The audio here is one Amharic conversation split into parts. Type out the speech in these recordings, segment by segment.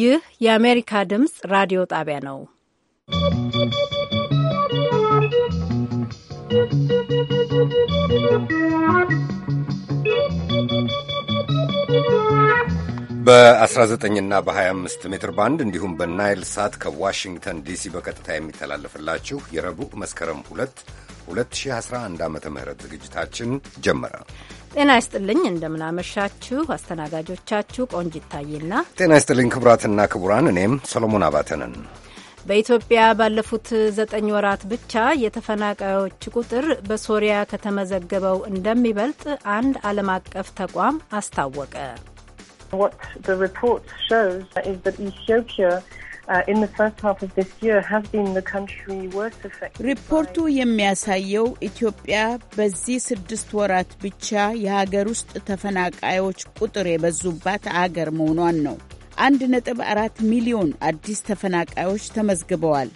ይህ የአሜሪካ ድምፅ ራዲዮ ጣቢያ ነው። በ19ና በ25 ሜትር ባንድ እንዲሁም በናይል ሳት ከዋሽንግተን ዲሲ በቀጥታ የሚተላለፍላችሁ የረቡዕ መስከረም 2 2011 ዓ ም ዝግጅታችን ጀመረ። ጤና ይስጥልኝ እንደምናመሻችሁ። አስተናጋጆቻችሁ ቆንጅ ይታይና ጤና ይስጥልኝ ክቡራትና ክቡራን፣ እኔም ሰሎሞን አባተንን። በኢትዮጵያ ባለፉት ዘጠኝ ወራት ብቻ የተፈናቃዮች ቁጥር በሶሪያ ከተመዘገበው እንደሚበልጥ አንድ ዓለም አቀፍ ተቋም አስታወቀ። ሪፖርቱ uh, የሚያሳየው ኢትዮጵያ በዚህ ስድስት ወራት ብቻ የሀገር ውስጥ ተፈናቃዮች ቁጥር የበዙባት አገር መሆኗን ነው። አንድ ነጥብ አራት ሚሊዮን አዲስ ተፈናቃዮች ተመዝግበዋል።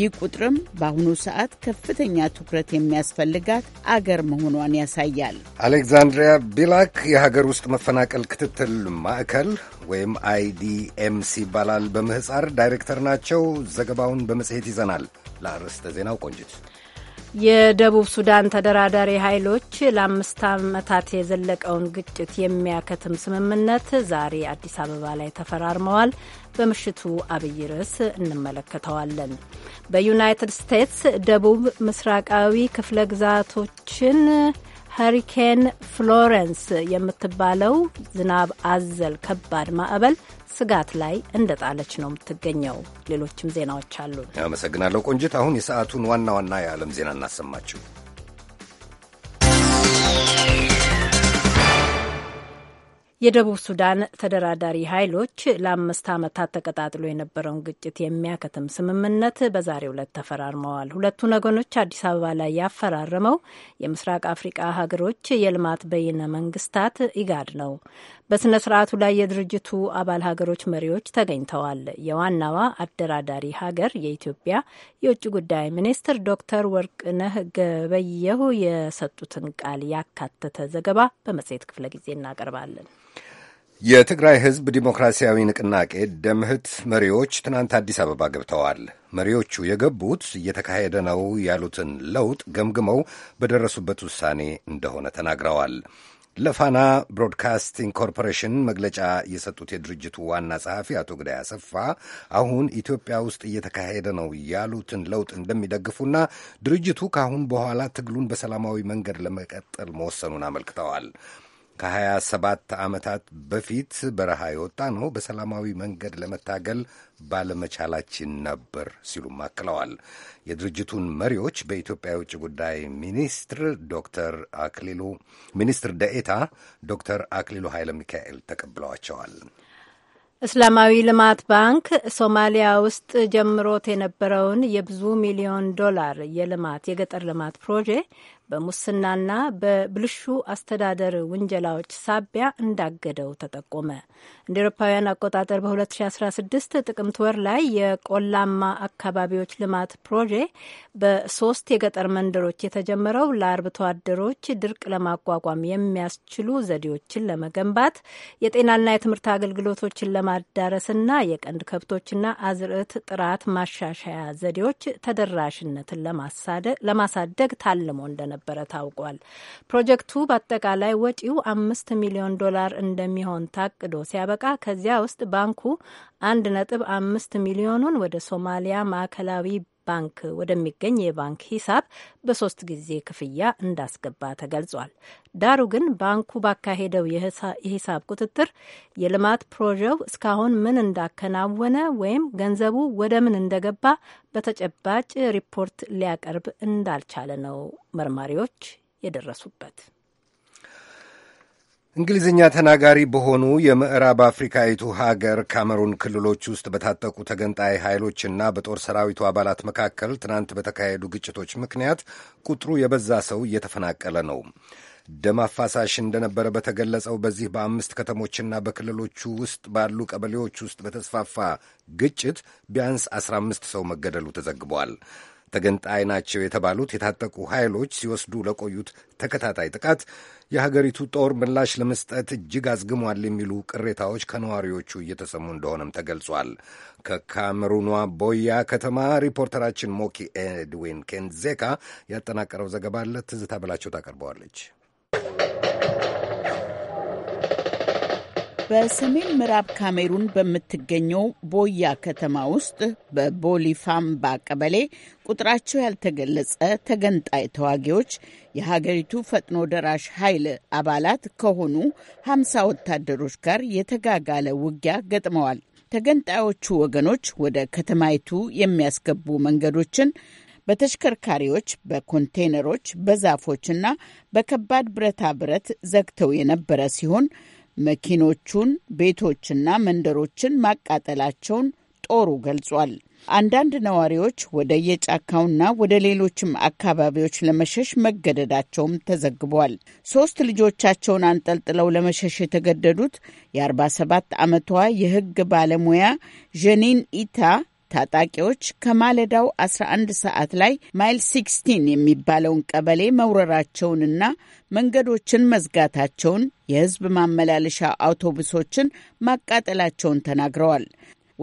ይህ ቁጥርም በአሁኑ ሰዓት ከፍተኛ ትኩረት የሚያስፈልጋት አገር መሆኗን ያሳያል። አሌክዛንድሪያ ቢላክ የሀገር ውስጥ መፈናቀል ክትትል ማዕከል ወይም አይዲኤምሲ ይባላል በምህፃር ዳይሬክተር ናቸው። ዘገባውን በመጽሔት ይዘናል። ለአርዕስተ ዜናው ቆንጅት የደቡብ ሱዳን ተደራዳሪ ኃይሎች ለአምስት ዓመታት የዘለቀውን ግጭት የሚያከትም ስምምነት ዛሬ አዲስ አበባ ላይ ተፈራርመዋል። በምሽቱ አብይ ርዕስ እንመለከተዋለን። በዩናይትድ ስቴትስ ደቡብ ምስራቃዊ ክፍለ ግዛቶችን ሀሪኬን ፍሎረንስ የምትባለው ዝናብ አዘል ከባድ ማዕበል ስጋት ላይ እንደጣለች ነው የምትገኘው። ሌሎችም ዜናዎች አሉ። አመሰግናለሁ ቆንጂት። አሁን የሰዓቱን ዋና ዋና የዓለም ዜና እናሰማችሁ። የደቡብ ሱዳን ተደራዳሪ ኃይሎች ለአምስት ዓመታት ተቀጣጥሎ የነበረውን ግጭት የሚያከትም ስምምነት በዛሬው ዕለት ተፈራርመዋል። ሁለቱን ወገኖች አዲስ አበባ ላይ ያፈራረመው የምስራቅ አፍሪቃ ሀገሮች የልማት በይነ መንግስታት ኢጋድ ነው። በሥነ ሥርዓቱ ላይ የድርጅቱ አባል ሀገሮች መሪዎች ተገኝተዋል። የዋናዋ አደራዳሪ ሀገር የኢትዮጵያ የውጭ ጉዳይ ሚኒስትር ዶክተር ወርቅነህ ገበየሁ የሰጡትን ቃል ያካተተ ዘገባ በመጽሔት ክፍለ ጊዜ እናቀርባለን። የትግራይ ሕዝብ ዲሞክራሲያዊ ንቅናቄ ደምህት መሪዎች ትናንት አዲስ አበባ ገብተዋል። መሪዎቹ የገቡት እየተካሄደ ነው ያሉትን ለውጥ ገምግመው በደረሱበት ውሳኔ እንደሆነ ተናግረዋል። ለፋና ብሮድካስቲንግ ኮርፖሬሽን መግለጫ የሰጡት የድርጅቱ ዋና ጸሐፊ አቶ ግዳይ አሰፋ አሁን ኢትዮጵያ ውስጥ እየተካሄደ ነው ያሉትን ለውጥ እንደሚደግፉና ድርጅቱ ከአሁን በኋላ ትግሉን በሰላማዊ መንገድ ለመቀጠል መወሰኑን አመልክተዋል። ከ27 ዓመታት በፊት በረሃ የወጣ ነው በሰላማዊ መንገድ ለመታገል ባለመቻላችን ነበር ሲሉም አክለዋል። የድርጅቱን መሪዎች በኢትዮጵያ የውጭ ጉዳይ ሚኒስትር ዶክተር አክሊሉ ሚኒስትር ደኤታ ዶክተር አክሊሉ ኃይለ ሚካኤል ተቀብለዋቸዋል። እስላማዊ ልማት ባንክ ሶማሊያ ውስጥ ጀምሮት የነበረውን የብዙ ሚሊዮን ዶላር የልማት የገጠር ልማት ፕሮጀክት በሙስናና በብልሹ አስተዳደር ውንጀላዎች ሳቢያ እንዳገደው ተጠቆመ። እንደ ኤሮፓውያን አቆጣጠር በ2016 ጥቅምት ወር ላይ የቆላማ አካባቢዎች ልማት ፕሮጄ በሶስት የገጠር መንደሮች የተጀመረው ለአርብቶ አደሮች ድርቅ ለማቋቋም የሚያስችሉ ዘዴዎችን ለመገንባት የጤናና የትምህርት አገልግሎቶችን ለማዳረስና የቀንድ ከብቶችና አዝርዕት ጥራት ማሻሻያ ዘዴዎች ተደራሽነትን ለማሳደግ ታልሞ እንደነበር እንደነበረ ታውቋል። ፕሮጀክቱ በአጠቃላይ ወጪው አምስት ሚሊዮን ዶላር እንደሚሆን ታቅዶ ሲያበቃ ከዚያ ውስጥ ባንኩ አንድ ነጥብ አምስት ሚሊዮኑን ወደ ሶማሊያ ማዕከላዊ ባንክ ወደሚገኝ የባንክ ሂሳብ በሶስት ጊዜ ክፍያ እንዳስገባ ተገልጿል። ዳሩ ግን ባንኩ ባካሄደው የሂሳብ ቁጥጥር የልማት ፕሮጀው እስካሁን ምን እንዳከናወነ ወይም ገንዘቡ ወደ ምን እንደገባ በተጨባጭ ሪፖርት ሊያቀርብ እንዳልቻለ ነው መርማሪዎች የደረሱበት። እንግሊዝኛ ተናጋሪ በሆኑ የምዕራብ አፍሪካዊቱ ሀገር ካሜሩን ክልሎች ውስጥ በታጠቁ ተገንጣይ ኃይሎችና በጦር ሰራዊቱ አባላት መካከል ትናንት በተካሄዱ ግጭቶች ምክንያት ቁጥሩ የበዛ ሰው እየተፈናቀለ ነው። ደም አፋሳሽ እንደነበረ በተገለጸው በዚህ በአምስት ከተሞችና በክልሎቹ ውስጥ ባሉ ቀበሌዎች ውስጥ በተስፋፋ ግጭት ቢያንስ አስራ አምስት ሰው መገደሉ ተዘግቧል። ተገንጣይ ናቸው የተባሉት የታጠቁ ኃይሎች ሲወስዱ ለቆዩት ተከታታይ ጥቃት የሀገሪቱ ጦር ምላሽ ለመስጠት እጅግ አዝግሟል የሚሉ ቅሬታዎች ከነዋሪዎቹ እየተሰሙ እንደሆነም ተገልጿል። ከካሜሩኗ ቦያ ከተማ ሪፖርተራችን ሞኪ ኤድዊን ኬንዜካ ያጠናቀረው ዘገባ አለ። ትዝታ በላቸው ታቀርበዋለች። በሰሜን ምዕራብ ካሜሩን በምትገኘው ቦያ ከተማ ውስጥ በቦሊፋምባ ቀበሌ ቁጥራቸው ያልተገለጸ ተገንጣይ ተዋጊዎች የሀገሪቱ ፈጥኖ ደራሽ ኃይል አባላት ከሆኑ ሀምሳ ወታደሮች ጋር የተጋጋለ ውጊያ ገጥመዋል። ተገንጣዮቹ ወገኖች ወደ ከተማይቱ የሚያስገቡ መንገዶችን በተሽከርካሪዎች፣ በኮንቴይነሮች፣ በዛፎችና በከባድ ብረታ ብረት ዘግተው የነበረ ሲሆን መኪኖቹን፣ ቤቶችና መንደሮችን ማቃጠላቸውን ጦሩ ገልጿል። አንዳንድ ነዋሪዎች ወደ የጫካውና ወደ ሌሎችም አካባቢዎች ለመሸሽ መገደዳቸውም ተዘግቧል። ሶስት ልጆቻቸውን አንጠልጥለው ለመሸሽ የተገደዱት የ47 ዓመቷ የሕግ ባለሙያ ዠኒን ኢታ ታጣቂዎች ከማለዳው 11 ሰዓት ላይ ማይል 16 የሚባለውን ቀበሌ መውረራቸውንና መንገዶችን መዝጋታቸውን፣ የህዝብ ማመላለሻ አውቶቡሶችን ማቃጠላቸውን ተናግረዋል።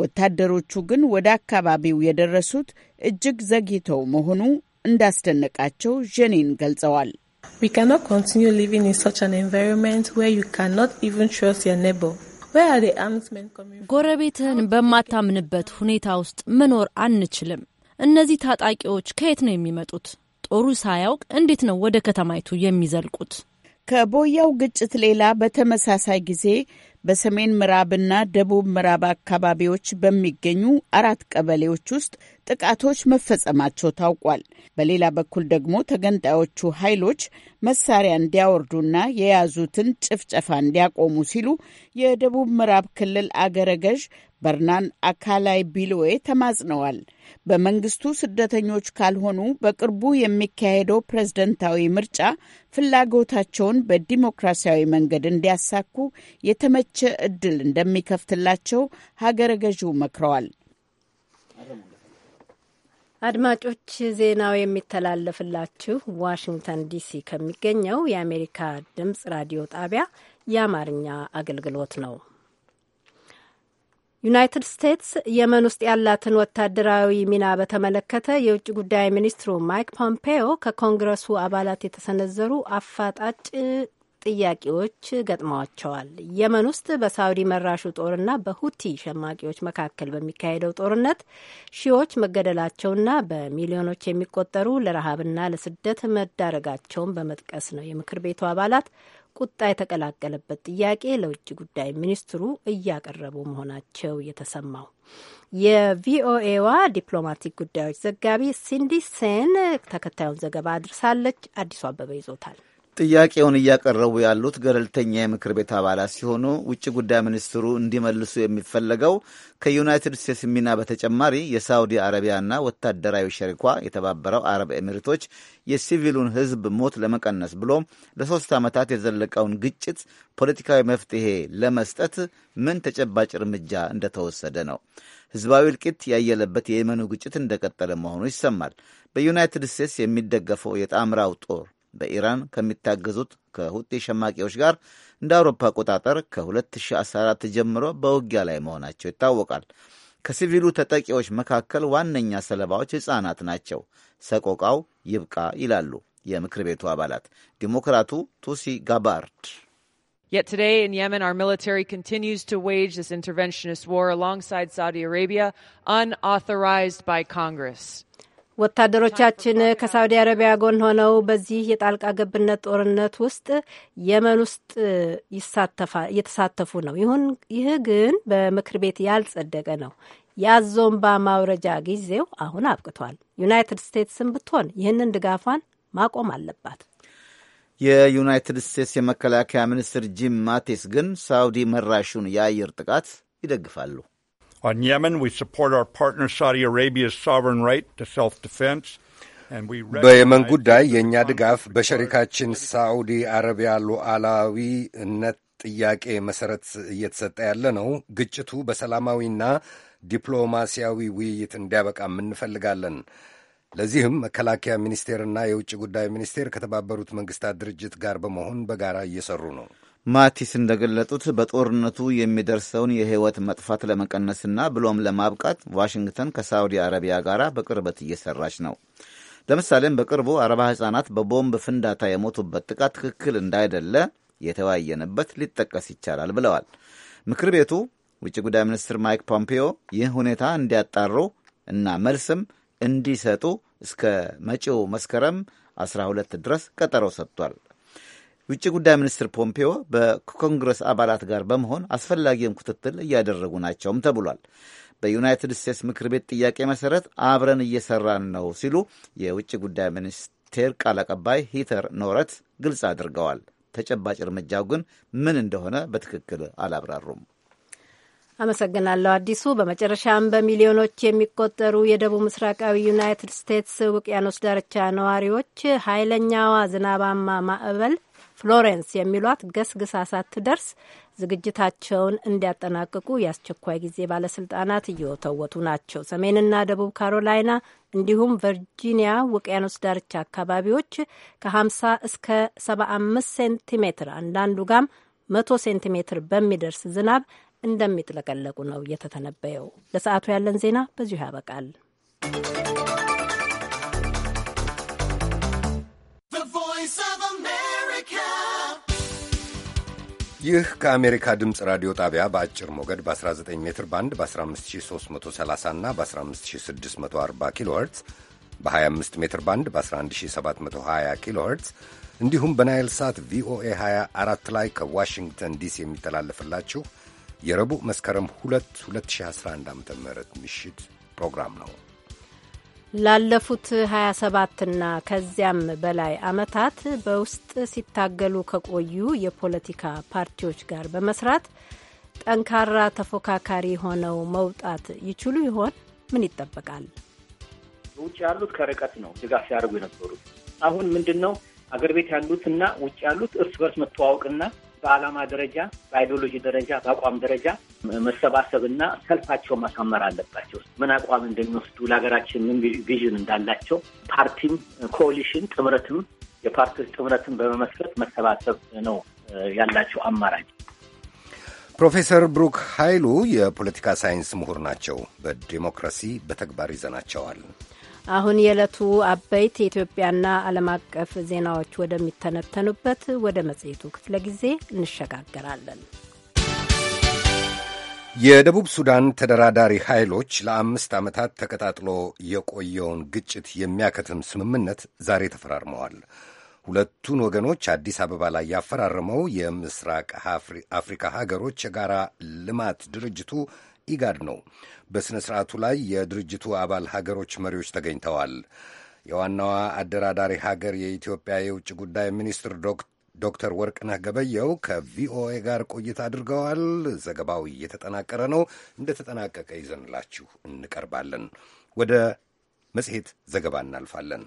ወታደሮቹ ግን ወደ አካባቢው የደረሱት እጅግ ዘግይተው መሆኑ እንዳስደነቃቸው ዠኒን ገልጸዋል። We cannot continue living in such an environment where you cannot even trust your neighbor. ጎረቤትህን በማታምንበት ሁኔታ ውስጥ መኖር አንችልም። እነዚህ ታጣቂዎች ከየት ነው የሚመጡት? ጦሩ ሳያውቅ እንዴት ነው ወደ ከተማይቱ የሚዘልቁት? ከቦያው ግጭት ሌላ በተመሳሳይ ጊዜ በሰሜን ምዕራብና ደቡብ ምዕራብ አካባቢዎች በሚገኙ አራት ቀበሌዎች ውስጥ ጥቃቶች መፈጸማቸው ታውቋል። በሌላ በኩል ደግሞ ተገንጣዮቹ ኃይሎች መሳሪያ እንዲያወርዱና የያዙትን ጭፍጨፋ እንዲያቆሙ ሲሉ የደቡብ ምዕራብ ክልል አገረ ገዥ በርናን አካላይ ቢሎዌ ተማጽነዋል። በመንግስቱ ስደተኞች ካልሆኑ በቅርቡ የሚካሄደው ፕሬዝደንታዊ ምርጫ ፍላጎታቸውን በዲሞክራሲያዊ መንገድ እንዲያሳኩ የተመ የተመቸ እድል እንደሚከፍትላቸው ሀገረ ገዢው መክረዋል። አድማጮች ዜናው የሚተላለፍላችሁ ዋሽንግተን ዲሲ ከሚገኘው የአሜሪካ ድምጽ ራዲዮ ጣቢያ የአማርኛ አገልግሎት ነው። ዩናይትድ ስቴትስ የመን ውስጥ ያላትን ወታደራዊ ሚና በተመለከተ የውጭ ጉዳይ ሚኒስትሩ ማይክ ፖምፔዮ ከኮንግረሱ አባላት የተሰነዘሩ አፋጣጭ ጥያቄዎች ገጥመዋቸዋል። የመን ውስጥ በሳውዲ መራሹ ጦርና በሁቲ ሸማቂዎች መካከል በሚካሄደው ጦርነት ሺዎች መገደላቸውና በሚሊዮኖች የሚቆጠሩ ለረሃብና ለስደት መዳረጋቸውን በመጥቀስ ነው የምክር ቤቱ አባላት ቁጣ የተቀላቀለበት ጥያቄ ለውጭ ጉዳይ ሚኒስትሩ እያቀረቡ መሆናቸው የተሰማው የቪኦኤዋ ዲፕሎማቲክ ጉዳዮች ዘጋቢ ሲንዲ ሴን ተከታዩን ዘገባ አድርሳለች። አዲሱ አበበ ይዞታል። ጥያቄውን እያቀረቡ ያሉት ገለልተኛ የምክር ቤት አባላት ሲሆኑ ውጭ ጉዳይ ሚኒስትሩ እንዲመልሱ የሚፈለገው ከዩናይትድ ስቴትስ ሚና በተጨማሪ የሳውዲ አረቢያና ወታደራዊ ሸሪኳ የተባበረው አረብ ኤሚሬቶች የሲቪሉን ሕዝብ ሞት ለመቀነስ ብሎ ለሶስት ዓመታት የዘለቀውን ግጭት ፖለቲካዊ መፍትሄ ለመስጠት ምን ተጨባጭ እርምጃ እንደተወሰደ ነው። ህዝባዊ እልቂት ያየለበት የየመኑ ግጭት እንደቀጠለ መሆኑ ይሰማል። በዩናይትድ ስቴትስ የሚደገፈው የጣምራው ጦር በኢራን ከሚታገዙት ከሁጤ ሸማቂዎች ጋር እንደ አውሮፓ አቆጣጠር ከ2014 ጀምሮ በውጊያ ላይ መሆናቸው ይታወቃል። ከሲቪሉ ተጠቂዎች መካከል ዋነኛ ሰለባዎች ሕፃናት ናቸው። ሰቆቃው ይብቃ ይላሉ የምክር ቤቱ አባላት ዲሞክራቱ ቱሲ ጋባርድ። Yet today in Yemen, our military continues to wage this interventionist war alongside Saudi Arabia, unauthorized by Congress. ወታደሮቻችን ከሳውዲ አረቢያ ጎን ሆነው በዚህ የጣልቃ ገብነት ጦርነት ውስጥ የመን ውስጥ እየተሳተፉ ነው። ይሁን ይህ ግን በምክር ቤት ያልጸደቀ ነው። የአዞምባ ማውረጃ ጊዜው አሁን አብቅቷል። ዩናይትድ ስቴትስም ብትሆን ይህንን ድጋፏን ማቆም አለባት። የዩናይትድ ስቴትስ የመከላከያ ሚኒስትር ጂም ማቲስ ግን ሳውዲ መራሹን የአየር ጥቃት ይደግፋሉ። On Yemen, we support our partner Saudi Arabia's sovereign right to self-defense. በየመን ጉዳይ የእኛ ድጋፍ በሸሪካችን ሳዑዲ አረቢያ ሉዓላዊነት ጥያቄ መሰረት እየተሰጠ ያለ ነው። ግጭቱ በሰላማዊና ዲፕሎማሲያዊ ውይይት እንዲያበቃም እንፈልጋለን። ለዚህም መከላከያ ሚኒስቴርና የውጭ ጉዳይ ሚኒስቴር ከተባበሩት መንግስታት ድርጅት ጋር በመሆን በጋራ እየሰሩ ነው። ማቲስ እንደገለጡት በጦርነቱ የሚደርሰውን የህይወት መጥፋት ለመቀነስና ብሎም ለማብቃት ዋሽንግተን ከሳውዲ አረቢያ ጋር በቅርበት እየሰራች ነው። ለምሳሌም በቅርቡ አርባ ህጻናት በቦምብ ፍንዳታ የሞቱበት ጥቃት ትክክል እንዳይደለ የተወያየንበት ሊጠቀስ ይቻላል ብለዋል። ምክር ቤቱ ውጭ ጉዳይ ሚኒስትር ማይክ ፖምፒዮ ይህ ሁኔታ እንዲያጣሩ እና መልስም እንዲሰጡ እስከ መጪው መስከረም 12 ድረስ ቀጠሮ ሰጥቷል። ውጭ ጉዳይ ሚኒስትር ፖምፔዮ ከኮንግረስ አባላት ጋር በመሆን አስፈላጊውን ክትትል እያደረጉ ናቸውም ተብሏል። በዩናይትድ ስቴትስ ምክር ቤት ጥያቄ መሰረት አብረን እየሰራን ነው ሲሉ የውጭ ጉዳይ ሚኒስቴር ቃል አቀባይ ሂተር ኖረት ግልጽ አድርገዋል። ተጨባጭ እርምጃው ግን ምን እንደሆነ በትክክል አላብራሩም። አመሰግናለሁ አዲሱ። በመጨረሻም በሚሊዮኖች የሚቆጠሩ የደቡብ ምስራቃዊ ዩናይትድ ስቴትስ ውቅያኖስ ዳርቻ ነዋሪዎች ኃይለኛዋ ዝናባማ ማዕበል ፍሎሬንስ የሚሏት ገስግሳ ሳትደርስ ዝግጅታቸውን እንዲያጠናቅቁ የአስቸኳይ ጊዜ ባለስልጣናት እየወተወቱ ናቸው። ሰሜንና ደቡብ ካሮላይና እንዲሁም ቨርጂኒያ ውቅያኖስ ዳርቻ አካባቢዎች ከ50 እስከ 75 ሴንቲሜትር አንዳንዱ ጋም 100 ሴንቲሜትር በሚደርስ ዝናብ እንደሚጥለቀለቁ ነው የተተነበየው። ለሰዓቱ ያለን ዜና በዚሁ ያበቃል። ይህ ከአሜሪካ ድምፅ ራዲዮ ጣቢያ በአጭር ሞገድ በ19 ሜትር ባንድ በ15330 እና በ15640 ኪሎ ኸርትዝ በ25 ሜትር ባንድ በ11720 ኪሎ ኸርትዝ እንዲሁም በናይል ሳት ቪኦኤ 24 ላይ ከዋሽንግተን ዲሲ የሚተላለፍላችሁ የረቡዕ መስከረም 2 2011 ዓ ም ምሽት ፕሮግራም ነው። ላለፉት 27ና ከዚያም በላይ ዓመታት በውስጥ ሲታገሉ ከቆዩ የፖለቲካ ፓርቲዎች ጋር በመስራት ጠንካራ ተፎካካሪ ሆነው መውጣት ይችሉ ይሆን? ምን ይጠበቃል? ውጭ ያሉት ከርቀት ነው ድጋፍ ሲያደርጉ የነበሩት። አሁን ምንድን ነው አገር ቤት ያሉትና ውጭ ያሉት እርስ በርስ መተዋወቅና በዓላማ ደረጃ፣ በአይዲዮሎጂ ደረጃ፣ በአቋም ደረጃ መሰባሰብና ሰልፋቸው ማሳመር አለባቸው። ምን አቋም እንደሚወስዱ ለሀገራችን ምን ቪዥን እንዳላቸው ፓርቲም፣ ኮሊሽን ጥምረትም የፓርቲ ጥምረትን በመመስረት መሰባሰብ ነው ያላቸው አማራጭ። ፕሮፌሰር ብሩክ ኃይሉ የፖለቲካ ሳይንስ ምሁር ናቸው። በዲሞክራሲ በተግባር ይዘናቸዋል። አሁን የዕለቱ አበይት የኢትዮጵያና ዓለም አቀፍ ዜናዎች ወደሚተነተኑበት ወደ መጽሔቱ ክፍለ ጊዜ እንሸጋገራለን። የደቡብ ሱዳን ተደራዳሪ ኃይሎች ለአምስት ዓመታት ተቀጣጥሎ የቆየውን ግጭት የሚያከትም ስምምነት ዛሬ ተፈራርመዋል። ሁለቱን ወገኖች አዲስ አበባ ላይ ያፈራረመው የምስራቅ አፍሪካ ሀገሮች የጋራ ልማት ድርጅቱ ኢጋድ ነው። በሥነ ሥርዓቱ ላይ የድርጅቱ አባል ሀገሮች መሪዎች ተገኝተዋል። የዋናዋ አደራዳሪ ሀገር የኢትዮጵያ የውጭ ጉዳይ ሚኒስትር ዶክተር ወርቅነህ ገበየው ከቪኦኤ ጋር ቆይታ አድርገዋል። ዘገባው እየተጠናቀረ ነው። እንደተጠናቀቀ ይዘንላችሁ እንቀርባለን። ወደ መጽሔት ዘገባ እናልፋለን።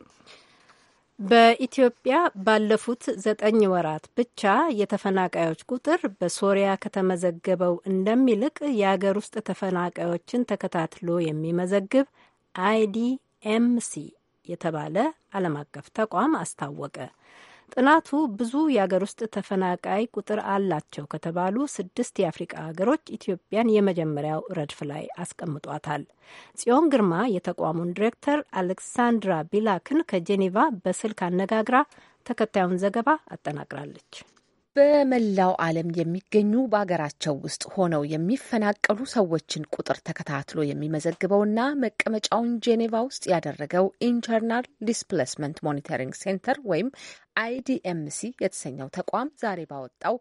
በኢትዮጵያ ባለፉት ዘጠኝ ወራት ብቻ የተፈናቃዮች ቁጥር በሶሪያ ከተመዘገበው እንደሚልቅ የአገር ውስጥ ተፈናቃዮችን ተከታትሎ የሚመዘግብ አይዲኤምሲ የተባለ ዓለም አቀፍ ተቋም አስታወቀ። ጥናቱ ብዙ የአገር ውስጥ ተፈናቃይ ቁጥር አላቸው ከተባሉ ስድስት የአፍሪቃ ሀገሮች ኢትዮጵያን የመጀመሪያው ረድፍ ላይ አስቀምጧታል። ጽዮን ግርማ የተቋሙን ዲሬክተር አሌክሳንድራ ቢላክን ከጄኔቫ በስልክ አነጋግራ ተከታዩን ዘገባ አጠናቅራለች። በመላው ዓለም የሚገኙ በሀገራቸው ውስጥ ሆነው የሚፈናቀሉ ሰዎችን ቁጥር ተከታትሎ የሚመዘግበውና መቀመጫውን ጄኔቫ ውስጥ ያደረገው ኢንተርናል ዲስፕሌስመንት ሞኒተሪንግ ሴንተር ወይም አይዲኤምሲ የተሰኘው ተቋም ዛሬ ባወጣው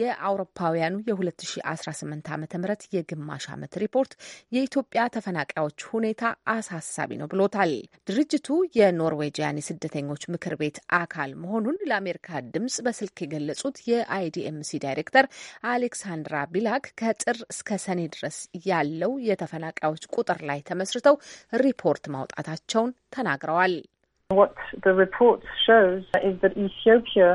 የአውሮፓውያኑ የ2018 ዓ ም የግማሽ ዓመት ሪፖርት የኢትዮጵያ ተፈናቃዮች ሁኔታ አሳሳቢ ነው ብሎታል። ድርጅቱ የኖርዌጂያን የስደተኞች ምክር ቤት አካል መሆኑን ለአሜሪካ ድምጽ በስልክ የገለጹት የአይዲኤምሲ ዳይሬክተር አሌክሳንድራ ቢላክ ከጥር እስከ ሰኔ ድረስ ያለው የተፈናቃዮች ቁጥር ላይ ተመስርተው ሪፖርት ማውጣታቸውን ተናግረዋል። What the report shows is that Ethiopia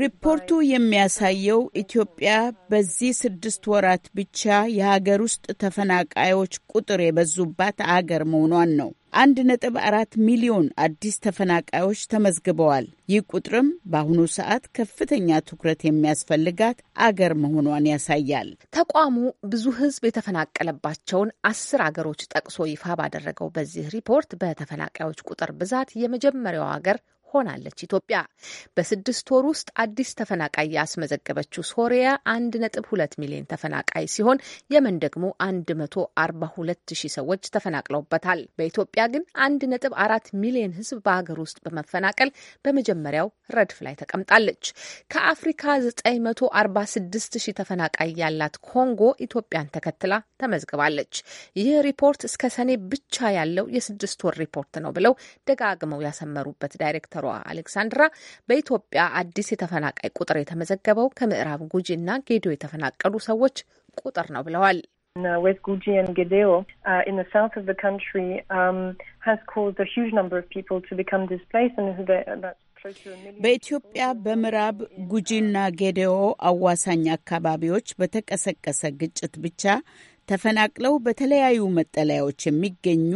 ሪፖርቱ የሚያሳየው ኢትዮጵያ በዚህ ስድስት ወራት ብቻ የሀገር ውስጥ ተፈናቃዮች ቁጥር የበዙባት አገር መሆኗን ነው። አንድ ነጥብ አራት ሚሊዮን አዲስ ተፈናቃዮች ተመዝግበዋል። ይህ ቁጥርም በአሁኑ ሰዓት ከፍተኛ ትኩረት የሚያስፈልጋት አገር መሆኗን ያሳያል። ተቋሙ ብዙ ሕዝብ የተፈናቀለባቸውን አስር አገሮች ጠቅሶ ይፋ ባደረገው በዚህ ሪፖርት በተፈናቃዮች ቁጥር ብዛት የመጀመሪያው አገር ሆናለች ኢትዮጵያ። በስድስት ወር ውስጥ አዲስ ተፈናቃይ ያስመዘገበችው ሶሪያ አንድ ነጥብ ሁለት ሚሊዮን ተፈናቃይ ሲሆን የመን ደግሞ አንድ መቶ አርባ ሁለት ሺህ ሰዎች ተፈናቅለውበታል። በኢትዮጵያ ግን አንድ ነጥብ አራት ሚሊዮን ህዝብ በሀገር ውስጥ በመፈናቀል በመጀመሪያው ረድፍ ላይ ተቀምጣለች። ከአፍሪካ ዘጠኝ መቶ አርባ ስድስት ሺህ ተፈናቃይ ያላት ኮንጎ ኢትዮጵያን ተከትላ ተመዝግባለች። ይህ ሪፖርት እስከ ሰኔ ብቻ ያለው የስድስት ወር ሪፖርት ነው ብለው ደጋግመው ያሰመሩበት ዳይሬክተሯ ዶክተሯ አሌክሳንድራ በኢትዮጵያ አዲስ የተፈናቃይ ቁጥር የተመዘገበው ከምዕራብ ጉጂ እና ጌዲዮ የተፈናቀሉ ሰዎች ቁጥር ነው ብለዋል። uh, uh, um, uh, በኢትዮጵያ በምዕራብ ጉጂና ጌዴኦ አዋሳኝ አካባቢዎች በተቀሰቀሰ ግጭት ብቻ ተፈናቅለው በተለያዩ መጠለያዎች የሚገኙ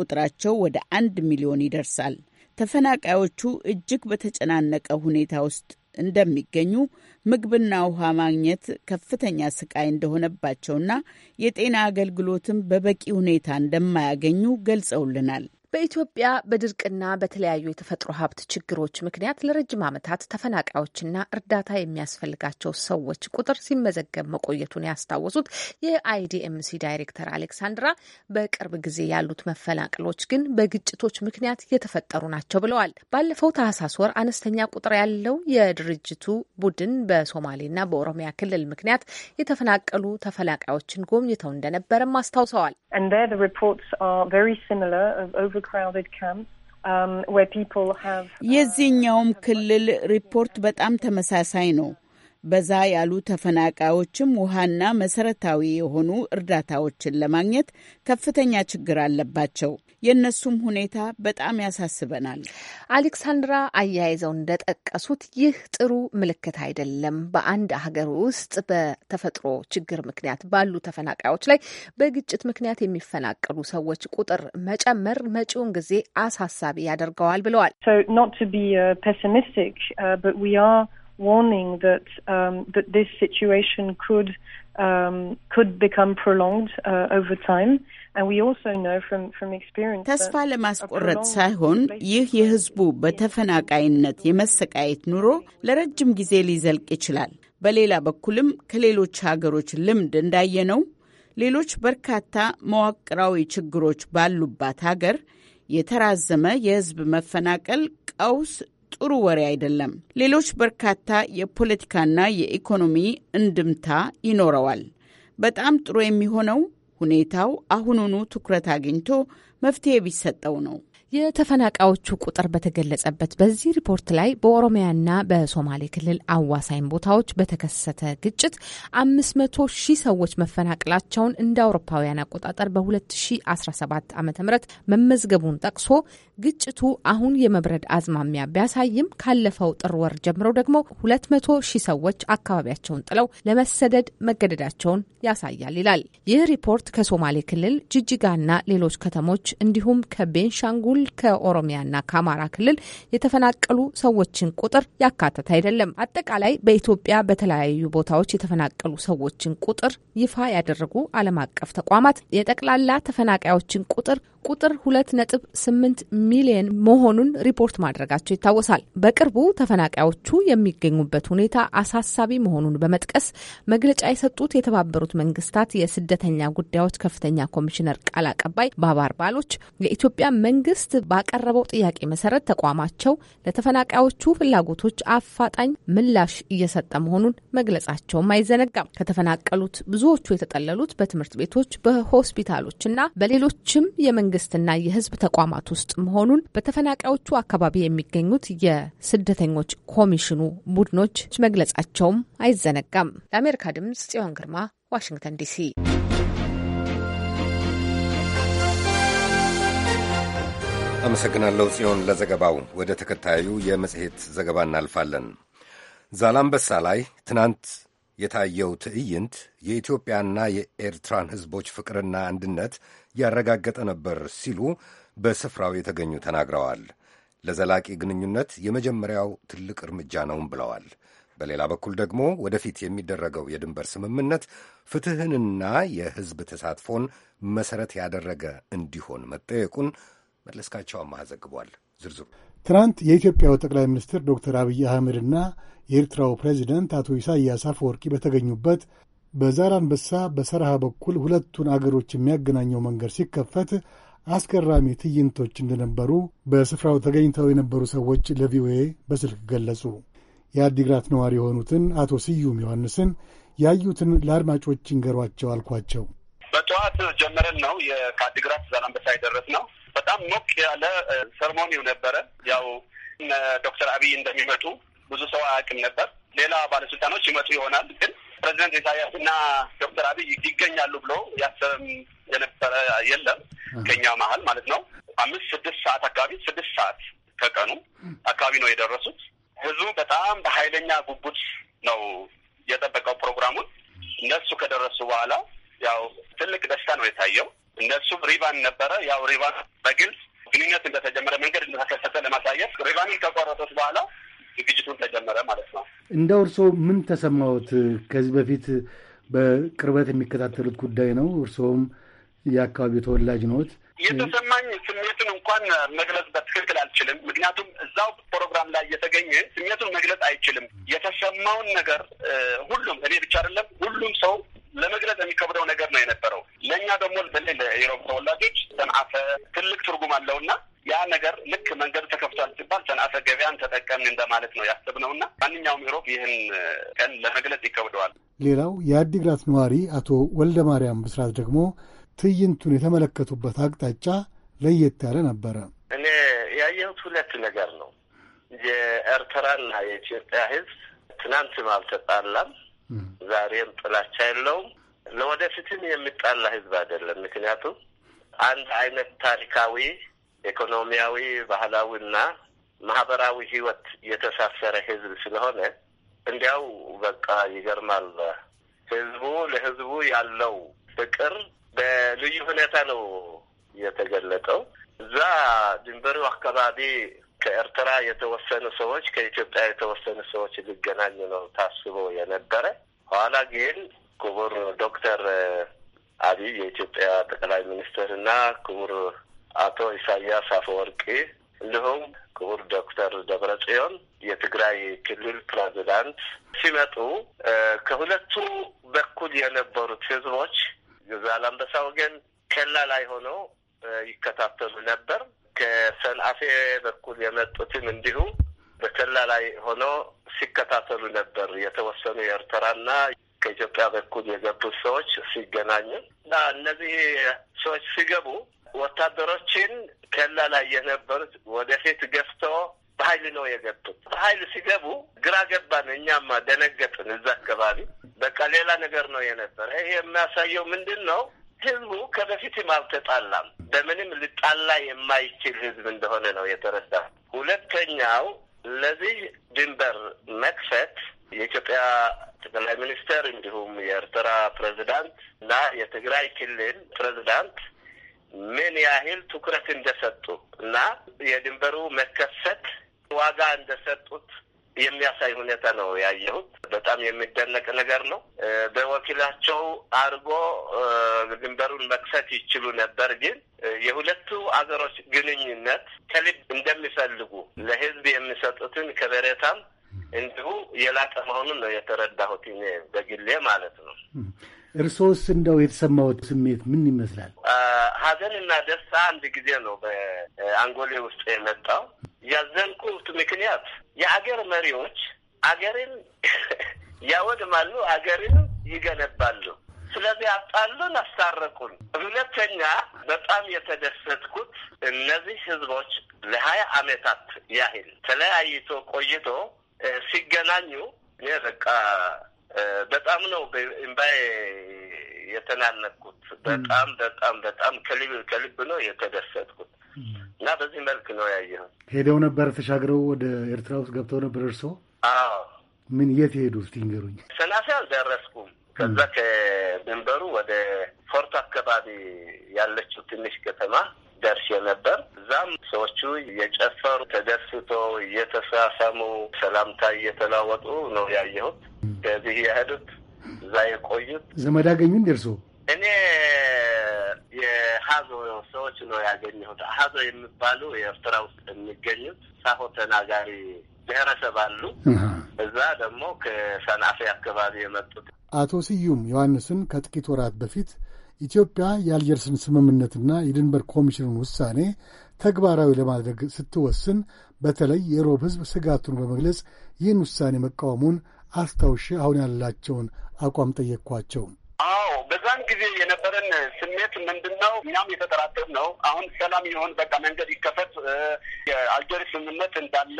ቁጥራቸው ወደ አንድ ሚሊዮን ይደርሳል። ተፈናቃዮቹ እጅግ በተጨናነቀ ሁኔታ ውስጥ እንደሚገኙ ምግብና ውሃ ማግኘት ከፍተኛ ስቃይ እንደሆነባቸውና የጤና አገልግሎትም በበቂ ሁኔታ እንደማያገኙ ገልጸውልናል። በኢትዮጵያ በድርቅና በተለያዩ የተፈጥሮ ሀብት ችግሮች ምክንያት ለረጅም ዓመታት ተፈናቃዮችና እርዳታ የሚያስፈልጋቸው ሰዎች ቁጥር ሲመዘገብ መቆየቱን ያስታወሱት የአይዲኤምሲ ዳይሬክተር አሌክሳንድራ በቅርብ ጊዜ ያሉት መፈናቅሎች ግን በግጭቶች ምክንያት የተፈጠሩ ናቸው ብለዋል። ባለፈው ታህሳስ ወር አነስተኛ ቁጥር ያለው የድርጅቱ ቡድን በሶማሌና በኦሮሚያ ክልል ምክንያት የተፈናቀሉ ተፈናቃዮችን ጎብኝተው እንደነበረም አስታውሰዋል። And there, the reports are very similar of overcrowded camps. Um, where people have, የዚህኛውም uh, ክልል ሪፖርት በጣም ተመሳሳይ ነው። በዛ ያሉ ተፈናቃዮችም ውሃና መሰረታዊ የሆኑ እርዳታዎችን ለማግኘት ከፍተኛ ችግር አለባቸው። የእነሱም ሁኔታ በጣም ያሳስበናል። አሌክሳንድራ አያይዘው እንደጠቀሱት ይህ ጥሩ ምልክት አይደለም። በአንድ ሀገር ውስጥ በተፈጥሮ ችግር ምክንያት ባሉ ተፈናቃዮች ላይ በግጭት ምክንያት የሚፈናቀሉ ሰዎች ቁጥር መጨመር መጪውን ጊዜ አሳሳቢ ያደርገዋል ብለዋል። warning that um, that this situation could um, could become prolonged uh, over time. ተስፋ ለማስቆረጥ ሳይሆን ይህ የህዝቡ በተፈናቃይነት የመሰቃየት ኑሮ ለረጅም ጊዜ ሊዘልቅ ይችላል። በሌላ በኩልም ከሌሎች ሀገሮች ልምድ እንዳየነው ሌሎች በርካታ መዋቅራዊ ችግሮች ባሉባት ሀገር የተራዘመ የህዝብ መፈናቀል ቀውስ ጥሩ ወሬ አይደለም። ሌሎች በርካታ የፖለቲካና የኢኮኖሚ እንድምታ ይኖረዋል። በጣም ጥሩ የሚሆነው ሁኔታው አሁኑኑ ትኩረት አግኝቶ መፍትሄ ቢሰጠው ነው። የተፈናቃዮቹ ቁጥር በተገለጸበት በዚህ ሪፖርት ላይ በኦሮሚያና በሶማሌ ክልል አዋሳኝ ቦታዎች በተከሰተ ግጭት አምስት መቶ ሺህ ሰዎች መፈናቀላቸውን እንደ አውሮፓውያን አቆጣጠር በ2017 ዓ ም መመዝገቡን ጠቅሶ ግጭቱ አሁን የመብረድ አዝማሚያ ቢያሳይም ካለፈው ጥር ወር ጀምሮ ደግሞ ሁለት መቶ ሺህ ሰዎች አካባቢያቸውን ጥለው ለመሰደድ መገደዳቸውን ያሳያል ይላል። ይህ ሪፖርት ከሶማሌ ክልል ጅጅጋና ሌሎች ከተሞች እንዲሁም ከቤንሻንጉል በኩል ከኦሮሚያና ከአማራ ክልል የተፈናቀሉ ሰዎችን ቁጥር ያካተተ አይደለም። አጠቃላይ በኢትዮጵያ በተለያዩ ቦታዎች የተፈናቀሉ ሰዎችን ቁጥር ይፋ ያደረጉ ዓለም አቀፍ ተቋማት የጠቅላላ ተፈናቃዮችን ቁጥር ቁጥር ሁለት ነጥብ ስምንት ሚሊየን መሆኑን ሪፖርት ማድረጋቸው ይታወሳል። በቅርቡ ተፈናቃዮቹ የሚገኙበት ሁኔታ አሳሳቢ መሆኑን በመጥቀስ መግለጫ የሰጡት የተባበሩት መንግስታት የስደተኛ ጉዳዮች ከፍተኛ ኮሚሽነር ቃል አቀባይ ባባር ባሎች የኢትዮጵያ መንግስት መንግስት ባቀረበው ጥያቄ መሰረት ተቋማቸው ለተፈናቃዮቹ ፍላጎቶች አፋጣኝ ምላሽ እየሰጠ መሆኑን መግለጻቸውም አይዘነጋም። ከተፈናቀሉት ብዙዎቹ የተጠለሉት በትምህርት ቤቶች፣ በሆስፒታሎችና በሌሎችም የመንግስትና የህዝብ ተቋማት ውስጥ መሆኑን በተፈናቃዮቹ አካባቢ የሚገኙት የስደተኞች ኮሚሽኑ ቡድኖች መግለጻቸውም አይዘነጋም። ለአሜሪካ ድምጽ ጽዮን ግርማ ዋሽንግተን ዲሲ አመሰግናለሁ ጽዮን ለዘገባው። ወደ ተከታዩ የመጽሔት ዘገባ እናልፋለን። ዛላምበሳ ላይ ትናንት የታየው ትዕይንት የኢትዮጵያና የኤርትራን ሕዝቦች ፍቅርና አንድነት ያረጋገጠ ነበር ሲሉ በስፍራው የተገኙ ተናግረዋል። ለዘላቂ ግንኙነት የመጀመሪያው ትልቅ እርምጃ ነውም ብለዋል። በሌላ በኩል ደግሞ ወደፊት የሚደረገው የድንበር ስምምነት ፍትሕንና የሕዝብ ተሳትፎን መሠረት ያደረገ እንዲሆን መጠየቁን መለስካቸው አማሃ ዘግቧል። ዝርዝሩ ትናንት የኢትዮጵያው ጠቅላይ ሚኒስትር ዶክተር አብይ አህመድና የኤርትራው ፕሬዚደንት አቶ ኢሳያስ አፈወርቂ በተገኙበት በዛር አንበሳ በሰርሃ በኩል ሁለቱን አገሮች የሚያገናኘው መንገድ ሲከፈት አስገራሚ ትዕይንቶች እንደነበሩ በስፍራው ተገኝተው የነበሩ ሰዎች ለቪኦኤ በስልክ ገለጹ። የአዲግራት ነዋሪ የሆኑትን አቶ ስዩም ዮሐንስን ያዩትን ለአድማጮች ይንገሯቸው አልኳቸው። በጠዋት ጀመረን ነው ከአዲግራት ዛላንበሳ የደረስ ነው በጣም ሞቅ ያለ ሰርሞኒው ነበረ። ያው ዶክተር አብይ እንደሚመጡ ብዙ ሰው አያውቅም ነበር። ሌላ ባለስልጣኖች ይመጡ ይሆናል ግን ፕሬዚደንት ኢሳያስ እና ዶክተር አብይ ይገኛሉ ብሎ ያሰበም የነበረ የለም ከኛ መሀል ማለት ነው። አምስት ስድስት ሰዓት አካባቢ ስድስት ሰዓት ከቀኑ አካባቢ ነው የደረሱት። ህዝቡ በጣም በኃይለኛ ጉጉት ነው የጠበቀው ፕሮግራሙን። እነሱ ከደረሱ በኋላ ያው ትልቅ ደስታ ነው የታየው። እነሱም ሪባን ነበረ። ያው ሪባን በግልጽ ግንኙነት እንደተጀመረ መንገድ እንደተከፈተ ለማሳየት ሪባንን ከቆረጡት በኋላ ዝግጅቱን ተጀመረ ማለት ነው። እንደ እርስዎ ምን ተሰማዎት? ከዚህ በፊት በቅርበት የሚከታተሉት ጉዳይ ነው። እርስዎም የአካባቢው ተወላጅ ነዎት። የተሰማኝ ስሜቱን እንኳን መግለጽ በትክክል አልችልም። ምክንያቱም እዛው ፕሮግራም ላይ የተገኘ ስሜቱን መግለጽ አይችልም። የተሰማውን ነገር ሁሉም እኔ ብቻ አይደለም፣ ሁሉም ሰው ለመግለጽ የሚከብደው ነገር ነው የነበረው። ለእኛ ደግሞ በተለይ ለኢሮብ ተወላጆች ሰንአፈ ትልቅ ትርጉም አለውና ያ ነገር ልክ መንገዱ ተከፍቷል ሲባል ሰንአፈ ገበያን ተጠቀምን እንደማለት ነው ያስብነው እና ማንኛውም ኢሮብ ይህን ቀን ለመግለጽ ይከብደዋል። ሌላው የአዲግራት ነዋሪ አቶ ወልደ ማርያም ብስራት ደግሞ ትዕይንቱን የተመለከቱበት አቅጣጫ ለየት ያለ ነበረ። እኔ ያየሁት ሁለት ነገር ነው። የኤርትራና የኢትዮጵያ ሕዝብ ትናንትም አልተጣላም ዛሬም ጥላቻ የለውም። ለወደፊትም የሚጣላ ህዝብ አይደለም። ምክንያቱም አንድ አይነት ታሪካዊ፣ ኢኮኖሚያዊ፣ ባህላዊና ማህበራዊ ህይወት የተሳሰረ ህዝብ ስለሆነ እንዲያው በቃ ይገርማል። ህዝቡ ለህዝቡ ያለው ፍቅር በልዩ ሁኔታ ነው የተገለጠው። እዛ ድንበሩ አካባቢ ከኤርትራ የተወሰኑ ሰዎች ከኢትዮጵያ የተወሰኑ ሰዎች ሊገናኙ ነው ታስቦ የነበረ ኋላ ግን ክቡር ዶክተር አብይ የኢትዮጵያ ጠቅላይ ሚኒስትር እና ክቡር አቶ ኢሳያስ አፈወርቂ እንዲሁም ክቡር ዶክተር ደብረ ጽዮን የትግራይ ክልል ፕሬዚዳንት ሲመጡ ከሁለቱ በኩል የነበሩት ህዝቦች ዛላምበሳ ወገን ከላ ላይ ሆነው ይከታተሉ ነበር። ከሰንአፌ በኩል የመጡትም እንዲሁ በከላ ላይ ሆኖ ሲከታተሉ ነበር። የተወሰኑ የኤርትራና ከኢትዮጵያ በኩል የገቡት ሰዎች ሲገናኙ እና እነዚህ ሰዎች ሲገቡ ወታደሮችን ከላ ላይ የነበሩት ወደፊት ገፍቶ በኃይል ነው የገቡት። በኃይል ሲገቡ ግራ ገባን፣ እኛማ ደነገጥን። እዛ አካባቢ በቃ ሌላ ነገር ነው የነበረ። ይሄ የሚያሳየው ምንድን ነው? ህዝቡ ከበፊትም አልተጣላም። በምንም ልጣላ የማይችል ህዝብ እንደሆነ ነው የተረዳ። ሁለተኛው ለዚህ ድንበር መክፈት የኢትዮጵያ ጠቅላይ ሚኒስትር እንዲሁም የኤርትራ ፕሬዚዳንት እና የትግራይ ክልል ፕሬዚዳንት ምን ያህል ትኩረት እንደሰጡ እና የድንበሩ መከፈት ዋጋ እንደሰጡት የሚያሳይ ሁኔታ ነው ያየሁት። በጣም የሚደነቅ ነገር ነው። በወኪላቸው አድርጎ ድንበሩን መክፈት ይችሉ ነበር፣ ግን የሁለቱ አገሮች ግንኙነት ከልብ እንደሚፈልጉ ለህዝብ የሚሰጡትን ከበሬታም እንዲሁ የላቀ መሆኑን ነው የተረዳሁት በግሌ ማለት ነው። እርሶስ እንደው የተሰማዎት ስሜት ምን ይመስላል? ሀዘን እና ደስታ አንድ ጊዜ ነው በአንጎሌ ውስጥ የመጣው። ያዘንኩት ምክንያት የአገር መሪዎች አገርን ያወድማሉ፣ አገርን ይገነባሉ። ስለዚህ አጣሉን፣ አስታረቁን። ሁለተኛ በጣም የተደሰትኩት እነዚህ ህዝቦች ለሀያ አመታት ያህል ተለያይቶ ቆይቶ ሲገናኙ እኔ በቃ በጣም ነው እምባዬ የተናነቅኩት። በጣም በጣም በጣም ከልብ ከልብ ነው የተደሰትኩት እና በዚህ መልክ ነው ያየሁ። ሄደው ነበር ተሻግረው ወደ ኤርትራ ውስጥ ገብተው ነበር እርስዎ? አዎ። ምን የት ሄዱ እስቲ ንገሩኝ። ሰላሳ አልደረስኩም። ከዛ ከድንበሩ ወደ ፎርቶ አካባቢ ያለችው ትንሽ ከተማ ደርሼ ነበር። እዛም ሰዎቹ እየጨፈሩ ተደስቶ እየተሳሰሙ ሰላምታ እየተለዋወጡ ነው ያየሁት። ከዚህ ያህዱት እዛ የቆዩት ዘመድ አገኙ እንደርሶ እኔ የሀዞ ሰዎች ነው ያገኘሁት። ሀዞ የሚባሉ የኤርትራ ውስጥ የሚገኙት ሳሆ ተናጋሪ ብሔረሰብ አሉ። እዛ ደግሞ ከሰናፌ አካባቢ የመጡት አቶ ስዩም ዮሐንስን ከጥቂት ወራት በፊት ኢትዮጵያ የአልጀርስን ስምምነትና የድንበር ኮሚሽኑን ውሳኔ ተግባራዊ ለማድረግ ስትወስን በተለይ የሮብ ሕዝብ ስጋቱን በመግለጽ ይህን ውሳኔ መቃወሙን አስታውሼ አሁን ያላቸውን አቋም ጠየቅኳቸው። አዎ በዛን ጊዜ የነበረን ስሜት ምንድን ነው? እኛም የተጠራጠር ነው። አሁን ሰላም የሆን በቃ መንገድ ይከፈት የአልጀሪ ስምምነት እንዳለ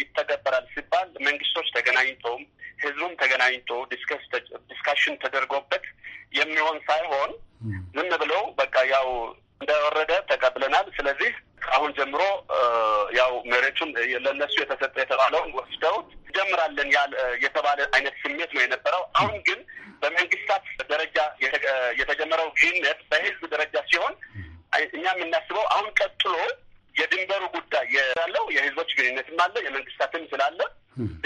ይተገበራል ሲባል መንግስቶች ተገናኝተውም ህዝቡም ተገናኝቶ ዲስካሽን ተደርጎበት የሚሆን ሳይሆን ዝም ብለው በቃ ያው እንደወረደ ተቀብለናል። ስለዚህ አሁን ጀምሮ ያው መሬቱን ለእነሱ የተሰጠ የተባለውን ወስደውት ጀምራለን የተባለ አይነት ስሜት ነው የነበረው። አሁን ግን በመንግስታት ደረጃ የተጀመረው ግንኙነት በህዝብ ደረጃ ሲሆን እኛ የምናስበው አሁን ቀጥሎ የድንበሩ ጉዳይ ያለው የህዝቦች ግንኙነትም አለ የመንግስታትም ስላለ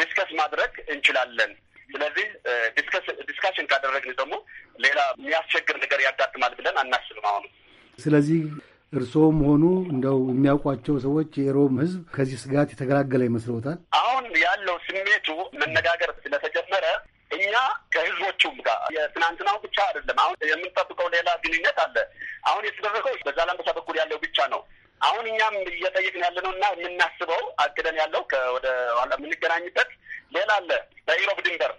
ዲስከስ ማድረግ እንችላለን። ስለዚህ ዲስካሽን ካደረግን ደግሞ ሌላ የሚያስቸግር ነገር ያጋጥማል ብለን አናስብም አሁኑ። ስለዚህ እርስዎም ሆኑ እንደው የሚያውቋቸው ሰዎች የሮም ሕዝብ ከዚህ ስጋት የተገላገለ ይመስለታል። አሁን ያለው ስሜቱ መነጋገር ስለተጀመረ እኛ ከህዝቦቹም ጋር የትናንትናው ብቻ አይደለም። አሁን የምንጠብቀው ሌላ ግንኙነት አለ። አሁን የተደረገው በዛላምበሳ በኩል ያለው ብቻ ነው። አሁን እኛም እየጠየቅን ያለ ነው እና የምናስበው አቅደን ያለው ከወደ ኋላ የምንገናኝበት ሌላ አለ በኢሮብ ድንበር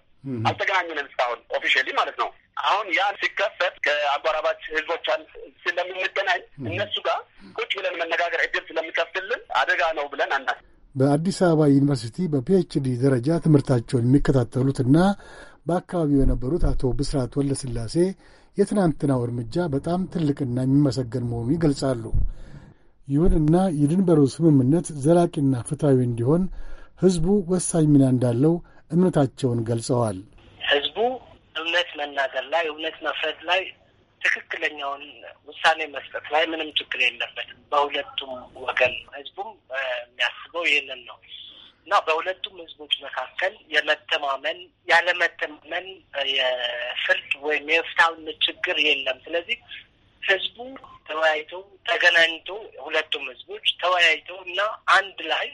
አልተገናኘንም እስካሁን ኦፊሻሊ ማለት ነው። አሁን ያን ሲከፈት ከአጎራባች ህዝቦቻን ስለምንገናኝ እነሱ ጋር ቁጭ ብለን መነጋገር እድል ስለሚከፍትልን አደጋ ነው ብለን አናት። በአዲስ አበባ ዩኒቨርሲቲ በፒኤችዲ ደረጃ ትምህርታቸውን የሚከታተሉትና በአካባቢው የነበሩት አቶ ብስራት ወለስላሴ የትናንትናው እርምጃ በጣም ትልቅና የሚመሰገን መሆኑን ይገልጻሉ። ይሁንና የድንበሩ ስምምነት ዘላቂና ፍትሐዊ እንዲሆን ሕዝቡ ወሳኝ ሚና እንዳለው እምነታቸውን ገልጸዋል። ሕዝቡ እውነት መናገር ላይ፣ እውነት መፍረድ ላይ፣ ትክክለኛውን ውሳኔ መስጠት ላይ ምንም ችግር የለበትም። በሁለቱም ወገን ህዝቡም የሚያስበው ይህንን ነው እና በሁለቱም ህዝቦች መካከል የመተማመን ያለመተማመን የፍርድ ወይም የፍትሐዊነት ችግር የለም። ስለዚህ ህዝቡ ተወያይተው ተገናኝቶ ሁለቱም ህዝቦች ተወያይተው እና አንድ ላይ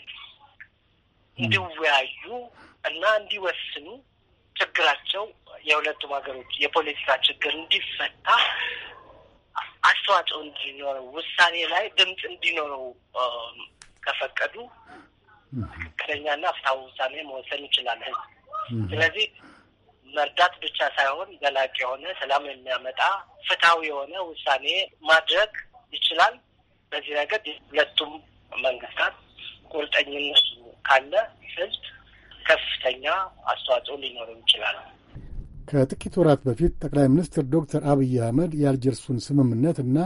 እንዲወያዩ እና እንዲወስኑ ችግራቸው የሁለቱም ሀገሮች የፖለቲካ ችግር እንዲፈታ አስተዋጽኦ እንዲኖረው ውሳኔ ላይ ድምፅ እንዲኖረው ከፈቀዱ ትክክለኛና ፍትሐዊ ውሳኔ መወሰን ይችላል ህዝብ። ስለዚህ መርዳት ብቻ ሳይሆን ዘላቂ የሆነ ሰላም የሚያመጣ ፍትሐዊ የሆነ ውሳኔ ማድረግ ይችላል። በዚህ ረገድ ሁለቱም መንግስታት ቁርጠኝነቱ ካለ ህዝብ ከፍተኛ አስተዋጽኦ ሊኖረው ይችላል። ከጥቂት ወራት በፊት ጠቅላይ ሚኒስትር ዶክተር አብይ አህመድ የአልጀርሱን ስምምነት እና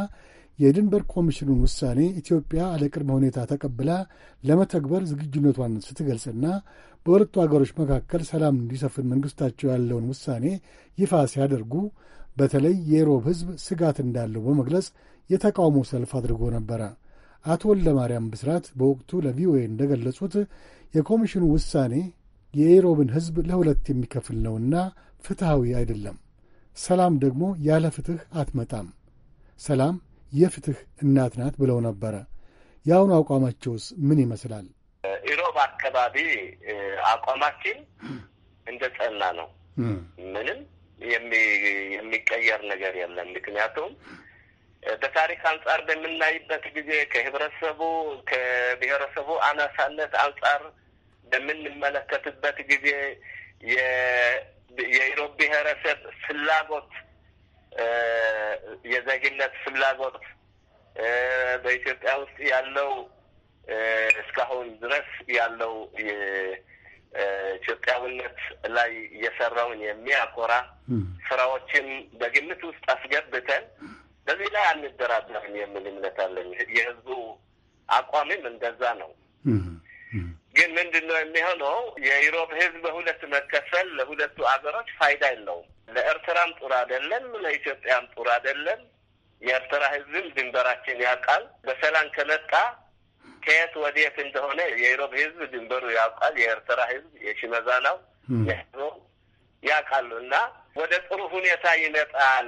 የድንበር ኮሚሽኑን ውሳኔ ኢትዮጵያ አለቅድመ ሁኔታ ተቀብላ ለመተግበር ዝግጁነቷን ስትገልጽና በሁለቱ አገሮች መካከል ሰላም እንዲሰፍን መንግስታቸው ያለውን ውሳኔ ይፋ ሲያደርጉ በተለይ የሮብ ህዝብ ስጋት እንዳለው በመግለጽ የተቃውሞ ሰልፍ አድርጎ ነበረ። አቶ ወልደማርያም ብስራት በወቅቱ ለቪኦኤ እንደገለጹት የኮሚሽኑ ውሳኔ የኢሮብን ሕዝብ ለሁለት የሚከፍል ነውና ፍትሐዊ አይደለም። ሰላም ደግሞ ያለ ፍትሕ አትመጣም። ሰላም የፍትሕ እናት ናት ብለው ነበረ። የአሁኑ አቋማቸውስ ምን ይመስላል? ኢሮብ አካባቢ አቋማችን እንደ ጸና ነው። ምንም የሚቀየር ነገር የለም። ምክንያቱም በታሪክ አንጻር በምናይበት ጊዜ ከህብረተሰቡ ከብሔረሰቡ አናሳነት አንጻር በምንመለከትበት ጊዜ የኢሮብ ብሔረሰብ ፍላጎት የዜግነት ፍላጎት በኢትዮጵያ ውስጥ ያለው እስካሁን ድረስ ያለው ኢትዮጵያዊነት ላይ የሰራውን የሚያኮራ ስራዎችን በግምት ውስጥ አስገብተን በዚህ ላይ አንደራደርም የሚል እምነት አለኝ። የህዝቡ አቋምም እንደዛ ነው። ግን ምንድን ነው የሚሆነው? የኢሮብ ህዝብ በሁለት መከፈል ለሁለቱ አገሮች ፋይዳ የለውም። ለኤርትራም ጡር አይደለም፣ ለኢትዮጵያም ጡር አይደለም። የኤርትራ ህዝብም ድንበራችን ያውቃል። በሰላም ከመጣ ከየት ወደየት እንደሆነ የኢሮብ ህዝብ ድንበሩ ያውቃል። የኤርትራ ህዝብ የሽመዛ ነው ያውቃሉ እና ወደ ጥሩ ሁኔታ ይመጣል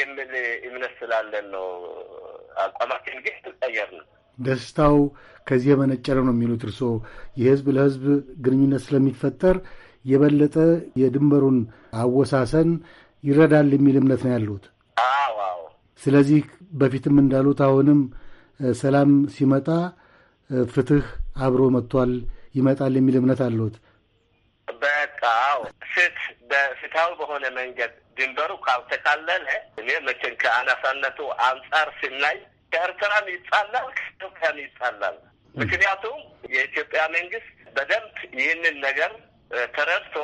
የሚል እምነት ስላለን ነው። አቋማችን ግን ቀየር ነው። ደስታው ከዚህ የመነጨረ ነው የሚሉት እርስዎ የህዝብ ለህዝብ ግንኙነት ስለሚፈጠር የበለጠ የድንበሩን አወሳሰን ይረዳል የሚል እምነት ነው ያሉት። አዎ አዎ። ስለዚህ በፊትም እንዳሉት አሁንም ሰላም ሲመጣ ፍትህ አብሮ መጥቷል ይመጣል የሚል እምነት አለሁት። በቃ አዎ። በፍትሐዊ በሆነ መንገድ ድንበሩ ካልተካለለ እኔ መቼም ከአናሳነቱ አንጻር ስናይ ከኤርትራም ይጻላል፣ ከኢትዮጵያም ይጻላል። ምክንያቱም የኢትዮጵያ መንግስት በደንብ ይህንን ነገር ተረድቶ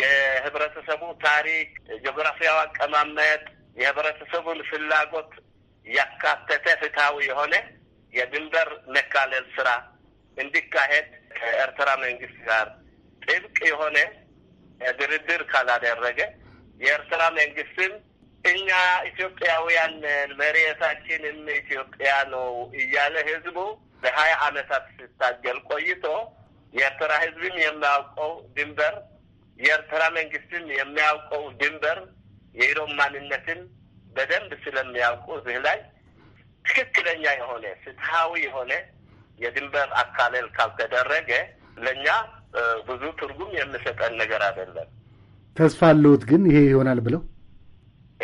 የህብረተሰቡ ታሪክ፣ ጂኦግራፊያዊ አቀማመጥ፣ የህብረተሰቡን ፍላጎት ያካተተ ፍትሐዊ የሆነ የድንበር መካለል ስራ እንዲካሄድ ከኤርትራ መንግስት ጋር ጥብቅ የሆነ ድርድር ካላደረገ የኤርትራ መንግስትም እኛ ኢትዮጵያውያን መሬታችንም ኢትዮጵያ ነው እያለ ህዝቡ ለሀያ አመታት ሲታገል ቆይቶ የኤርትራ ህዝብም የሚያውቀው ድንበር የኤርትራ መንግስትም የሚያውቀው ድንበር የኢሮብ ማንነትን በደንብ ስለሚያውቁ እዚህ ላይ ትክክለኛ የሆነ ፍትሀዊ የሆነ የድንበር አካለል ካልተደረገ ለእኛ ብዙ ትርጉም የምሰጠን ነገር አይደለም። ተስፋ አለሁት ግን ይሄ ይሆናል ብለው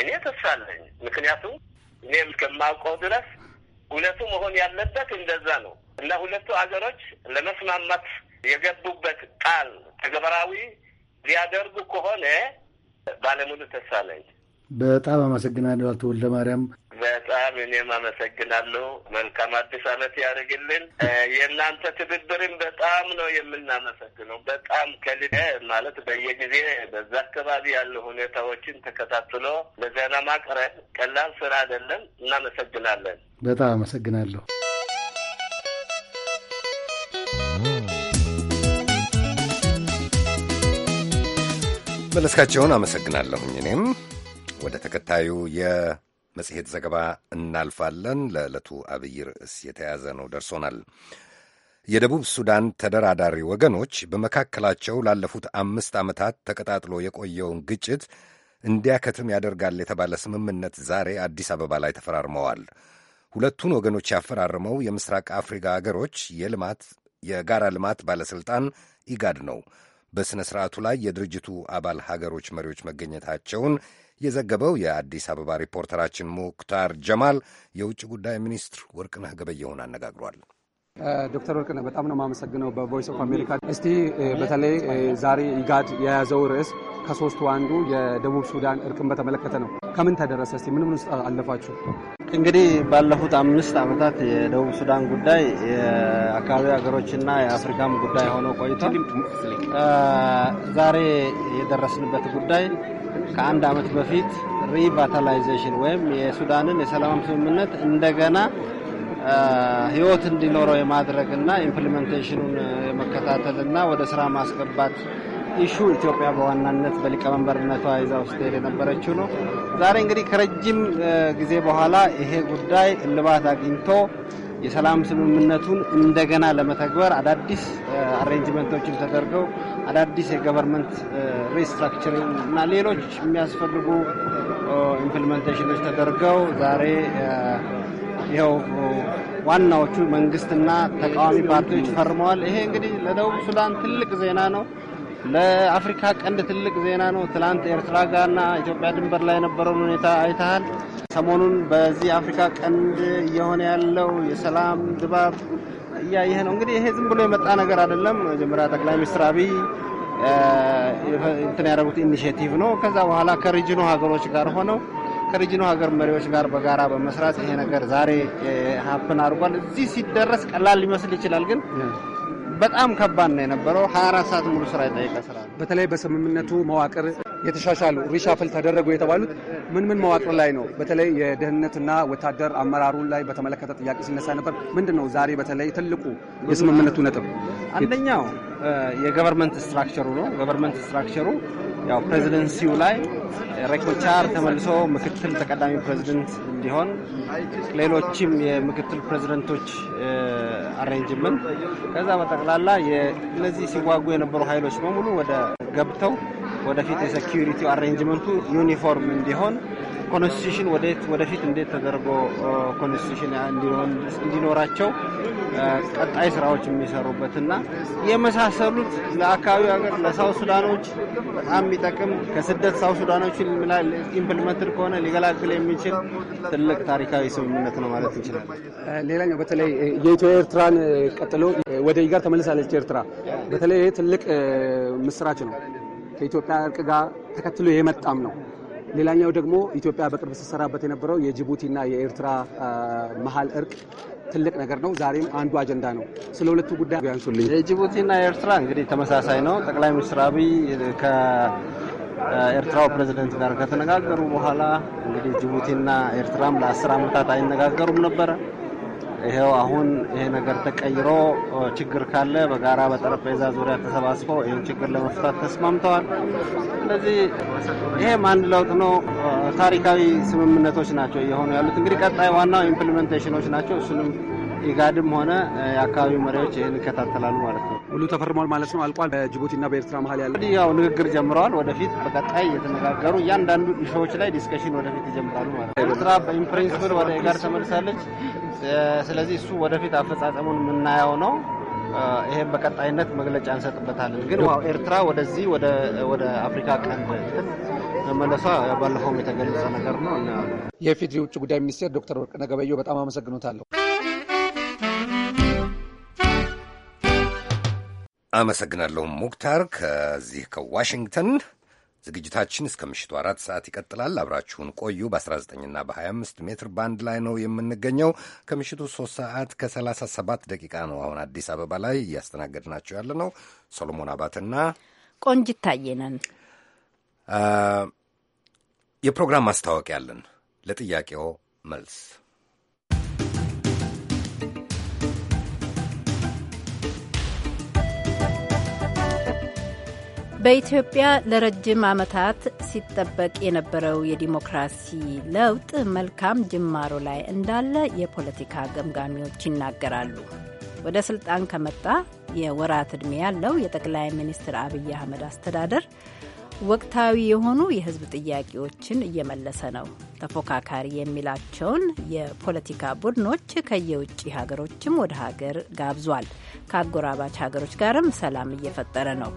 እኔ ተስፋ አለኝ። ምክንያቱም እኔ እስከማውቀው ድረስ እውነቱ መሆን ያለበት እንደዛ ነው እና ሁለቱ አገሮች ለመስማማት የገቡበት ቃል ተግባራዊ ሊያደርጉ ከሆነ ባለሙሉ ተስፋ አለኝ። በጣም አመሰግናለሁ አቶ ወልደ ማርያም። በጣም እኔም አመሰግናለሁ። መልካም አዲስ ዓመት ያደርግልን። የእናንተ ትብብርን በጣም ነው የምናመሰግነው። በጣም ከልደ ማለት በየጊዜ በዛ አካባቢ ያሉ ሁኔታዎችን ተከታትሎ ለዜና ማቅረብ ቀላል ስራ አይደለም። እናመሰግናለን። በጣም አመሰግናለሁ። መለስካቸውን አመሰግናለሁኝ እኔም ወደ ተከታዩ የመጽሔት ዘገባ እናልፋለን። ለዕለቱ አብይ ርዕስ የተያዘ ነው ደርሶናል። የደቡብ ሱዳን ተደራዳሪ ወገኖች በመካከላቸው ላለፉት አምስት ዓመታት ተቀጣጥሎ የቆየውን ግጭት እንዲያከትም ያደርጋል የተባለ ስምምነት ዛሬ አዲስ አበባ ላይ ተፈራርመዋል። ሁለቱን ወገኖች ያፈራርመው የምስራቅ አፍሪካ አገሮች የልማት የጋራ ልማት ባለሥልጣን ኢጋድ ነው። በሥነ ሥርዓቱ ላይ የድርጅቱ አባል ሀገሮች መሪዎች መገኘታቸውን የዘገበው የአዲስ አበባ ሪፖርተራችን ሙክታር ጀማል የውጭ ጉዳይ ሚኒስትር ወርቅነህ ገበየሁን አነጋግሯል። ዶክተር ወርቅነህ በጣም ነው የማመሰግነው። በቮይስ ኦፍ አሜሪካ እስቲ በተለይ ዛሬ ኢጋድ የያዘው ርዕስ ከሶስቱ አንዱ የደቡብ ሱዳን እርቅን በተመለከተ ነው። ከምን ተደረሰ? እስቲ ምን ምን ውስጥ አለፋችሁ? እንግዲህ ባለፉት አምስት ዓመታት የደቡብ ሱዳን ጉዳይ የአካባቢ ሀገሮችና የአፍሪካም ጉዳይ ሆኖ ቆይቷል። ዛሬ የደረስንበት ጉዳይ ከአንድ ዓመት በፊት ሪቫታላይዜሽን ወይም የሱዳንን የሰላም ስምምነት እንደገና ህይወት እንዲኖረው የማድረግና ኢምፕሊመንቴሽኑን የመከታተልና ወደ ስራ ማስገባት ኢሹ ኢትዮጵያ በዋናነት በሊቀመንበርነቷ ውስጥ ሄድ የነበረችው ነው። ዛሬ እንግዲህ ከረጅም ጊዜ በኋላ ይሄ ጉዳይ እልባት አግኝቶ የሰላም ስምምነቱን እንደገና ለመተግበር አዳዲስ አሬንጅመንቶችን ተደርገው አዳዲስ የገቨርንመንት ሪስትራክቸሪንግ እና ሌሎች የሚያስፈልጉ ኢምፕሊመንቴሽኖች ተደርገው ዛሬ ይኸው ዋናዎቹ መንግስትና ተቃዋሚ ፓርቲዎች ፈርመዋል። ይሄ እንግዲህ ለደቡብ ሱዳን ትልቅ ዜና ነው። ለአፍሪካ ቀንድ ትልቅ ዜና ነው። ትላንት ኤርትራ ጋርና ኢትዮጵያ ድንበር ላይ የነበረውን ሁኔታ አይተሃል። ሰሞኑን በዚህ አፍሪካ ቀንድ እየሆነ ያለው የሰላም ድባብ እያየህ ነው። እንግዲህ ይሄ ዝም ብሎ የመጣ ነገር አይደለም። መጀመሪያ ጠቅላይ ሚኒስትር አብይ እንትን ያደረጉት ኢኒሽቲቭ ነው። ከዛ በኋላ ከሪጅኖ ሀገሮች ጋር ሆነው ከሪጅኖ ሀገር መሪዎች ጋር በጋራ በመስራት ይሄ ነገር ዛሬ ሀፕን አድርጓል። እዚህ ሲደረስ ቀላል ሊመስል ይችላል ግን በጣም ከባድ ነው የነበረው። 24 ሰዓት ሙሉ ስራ የጠየቀ ስራ ነው። በተለይ በስምምነቱ መዋቅር የተሻሻሉ ሪሻፍል ተደረጉ የተባሉት ምን ምን መዋቅር ላይ ነው? በተለይ የደህንነትና ወታደር አመራሩ ላይ በተመለከተ ጥያቄ ሲነሳ ነበር። ምንድን ነው ዛሬ በተለይ ትልቁ የስምምነቱ ነጥብ? አንደኛው የገቨርንመንት ስትራክቸሩ ነው። ገቨርንመንት ስትራክቸሩ ያው ፕሬዚደንሲው ላይ ሬኮቻር ተመልሶ ምክትል ተቀዳሚ ፕሬዚደንት እንዲሆን ሌሎችም የምክትል ፕሬዚደንቶች አሬንጅመንት ከዛ በጠቅላላ እነዚህ ሲዋጉ የነበሩ ኃይሎች በሙሉ ወደ ገብተው ወደፊት የሴኪሪቲ አሬንጅመንቱ ዩኒፎርም እንዲሆን ኮንስቲቱሽን ወዴት ወደፊት እንዴት ተደርጎ ኮንስቲቱሽን እንዲኖራቸው ቀጣይ ስራዎች የሚሰሩበትና የመሳሰሉት ለአካባቢው ሀገር ለሳውት ሱዳኖች በጣም የሚጠቅም ከስደት ሳውት ሱዳኖችን ኢምፕልመንትድ ከሆነ ሊገላግል የሚችል ትልቅ ታሪካዊ ስምምነት ነው ማለት እንችላለን። ሌላኛው በተለይ የኢትዮ ኤርትራን ቀጥሎ ወደ ይጋር ተመልሳለች ኤርትራ። በተለይ ይህ ትልቅ ምስራች ነው። ከኢትዮጵያ እርቅ ጋር ተከትሎ የመጣም ነው። ሌላኛው ደግሞ ኢትዮጵያ በቅርብ ስትሰራበት የነበረው የጅቡቲና የኤርትራ መሀል እርቅ ትልቅ ነገር ነው። ዛሬም አንዱ አጀንዳ ነው። ስለ ሁለቱ ጉዳይ ቢያንሱልኝ። የጅቡቲና የኤርትራ እንግዲህ ተመሳሳይ ነው። ጠቅላይ ሚኒስትር አብይ ከኤርትራው ፕሬዚደንት ጋር ከተነጋገሩ በኋላ እንግዲህ ጅቡቲና ኤርትራም ለአስር ዓመታት አይነጋገሩም ነበረ። ይሄው አሁን ይሄ ነገር ተቀይሮ ችግር ካለ በጋራ በጠረጴዛ ዙሪያ ተሰባስበው ይህን ችግር ለመፍታት ተስማምተዋል። ስለዚህ ይሄም አንድ ለውጥ ነው። ታሪካዊ ስምምነቶች ናቸው እየሆኑ ያሉት። እንግዲህ ቀጣይ ዋናው ኢምፕሊመንቴሽኖች ናቸው። እሱንም ኢጋድም ሆነ የአካባቢው መሪዎች ይህን ይከታተላሉ ማለት ነው። ሙሉ ተፈርሟል ማለት ነው። አልቋል። በጅቡቲና በኤርትራ መሀል ያለ ያው ንግግር ጀምረዋል። ወደፊት በቀጣይ እየተነጋገሩ እያንዳንዱ ኢሾዎች ላይ ዲስከሽን ወደፊት ይጀምራሉ ማለት ነው። ኤርትራ በኢንፕሪንስፕል ወደ ጋር ተመልሳለች። ስለዚህ እሱ ወደፊት አፈጻጸሙን የምናየው ነው። ይሄን በቀጣይነት መግለጫ እንሰጥበታለን። ግን ኤርትራ ወደዚህ ወደ አፍሪካ ቀንድ መመለሷ ባለፈውም የተገለጸ ነገር ነው እና ውጭ ጉዳይ ሚኒስቴር ዶክተር ወርቅነህ ገበየሁ በጣም አመሰግኖታለሁ። አመሰግናለሁ ሙክታር። ከዚህ ከዋሽንግተን ዝግጅታችን እስከ ምሽቱ አራት ሰዓት ይቀጥላል። አብራችሁን ቆዩ። በ19ና በ25 ሜትር ባንድ ላይ ነው የምንገኘው። ከምሽቱ 3 ሰዓት ከ37 ደቂቃ ነው አሁን አዲስ አበባ ላይ እያስተናገድናቸው ያለ ነው። ሰሎሞን አባትና ቆንጅት ታየ የፕሮግራም ማስታወቂያ አለን። ለጥያቄው መልስ በኢትዮጵያ ለረጅም ዓመታት ሲጠበቅ የነበረው የዲሞክራሲ ለውጥ መልካም ጅማሮ ላይ እንዳለ የፖለቲካ ገምጋሚዎች ይናገራሉ። ወደ ስልጣን ከመጣ የወራት ዕድሜ ያለው የጠቅላይ ሚኒስትር አብይ አህመድ አስተዳደር ወቅታዊ የሆኑ የሕዝብ ጥያቄዎችን እየመለሰ ነው። ተፎካካሪ የሚላቸውን የፖለቲካ ቡድኖች ከየውጭ ሀገሮችም ወደ ሀገር ጋብዟል። ከአጎራባች ሀገሮች ጋርም ሰላም እየፈጠረ ነው።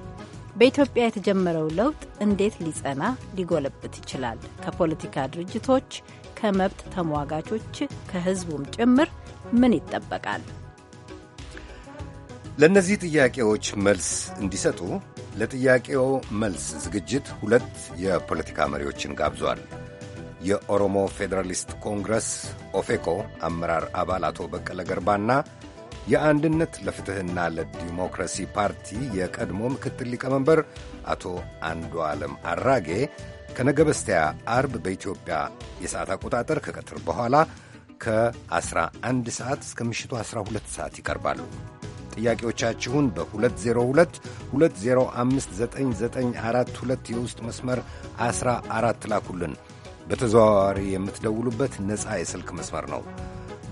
በኢትዮጵያ የተጀመረው ለውጥ እንዴት ሊጸና ሊጎለብት ይችላል? ከፖለቲካ ድርጅቶች፣ ከመብት ተሟጋቾች፣ ከህዝቡም ጭምር ምን ይጠበቃል? ለእነዚህ ጥያቄዎች መልስ እንዲሰጡ ለጥያቄው መልስ ዝግጅት ሁለት የፖለቲካ መሪዎችን ጋብዟል። የኦሮሞ ፌዴራሊስት ኮንግረስ ኦፌኮ አመራር አባል አቶ በቀለ ገርባና የአንድነት ለፍትህና ለዲሞክራሲ ፓርቲ የቀድሞ ምክትል ሊቀመንበር አቶ አንዱ ዓለም አራጌ ከነገ በስቲያ አርብ በኢትዮጵያ የሰዓት አቆጣጠር ከቀትር በኋላ ከ11 ሰዓት እስከ ምሽቱ 12 ሰዓት ይቀርባሉ። ጥያቄዎቻችሁን በ202 2059942 የውስጥ መስመር 14 ላኩልን። በተዘዋዋሪ የምትደውሉበት ነፃ የስልክ መስመር ነው።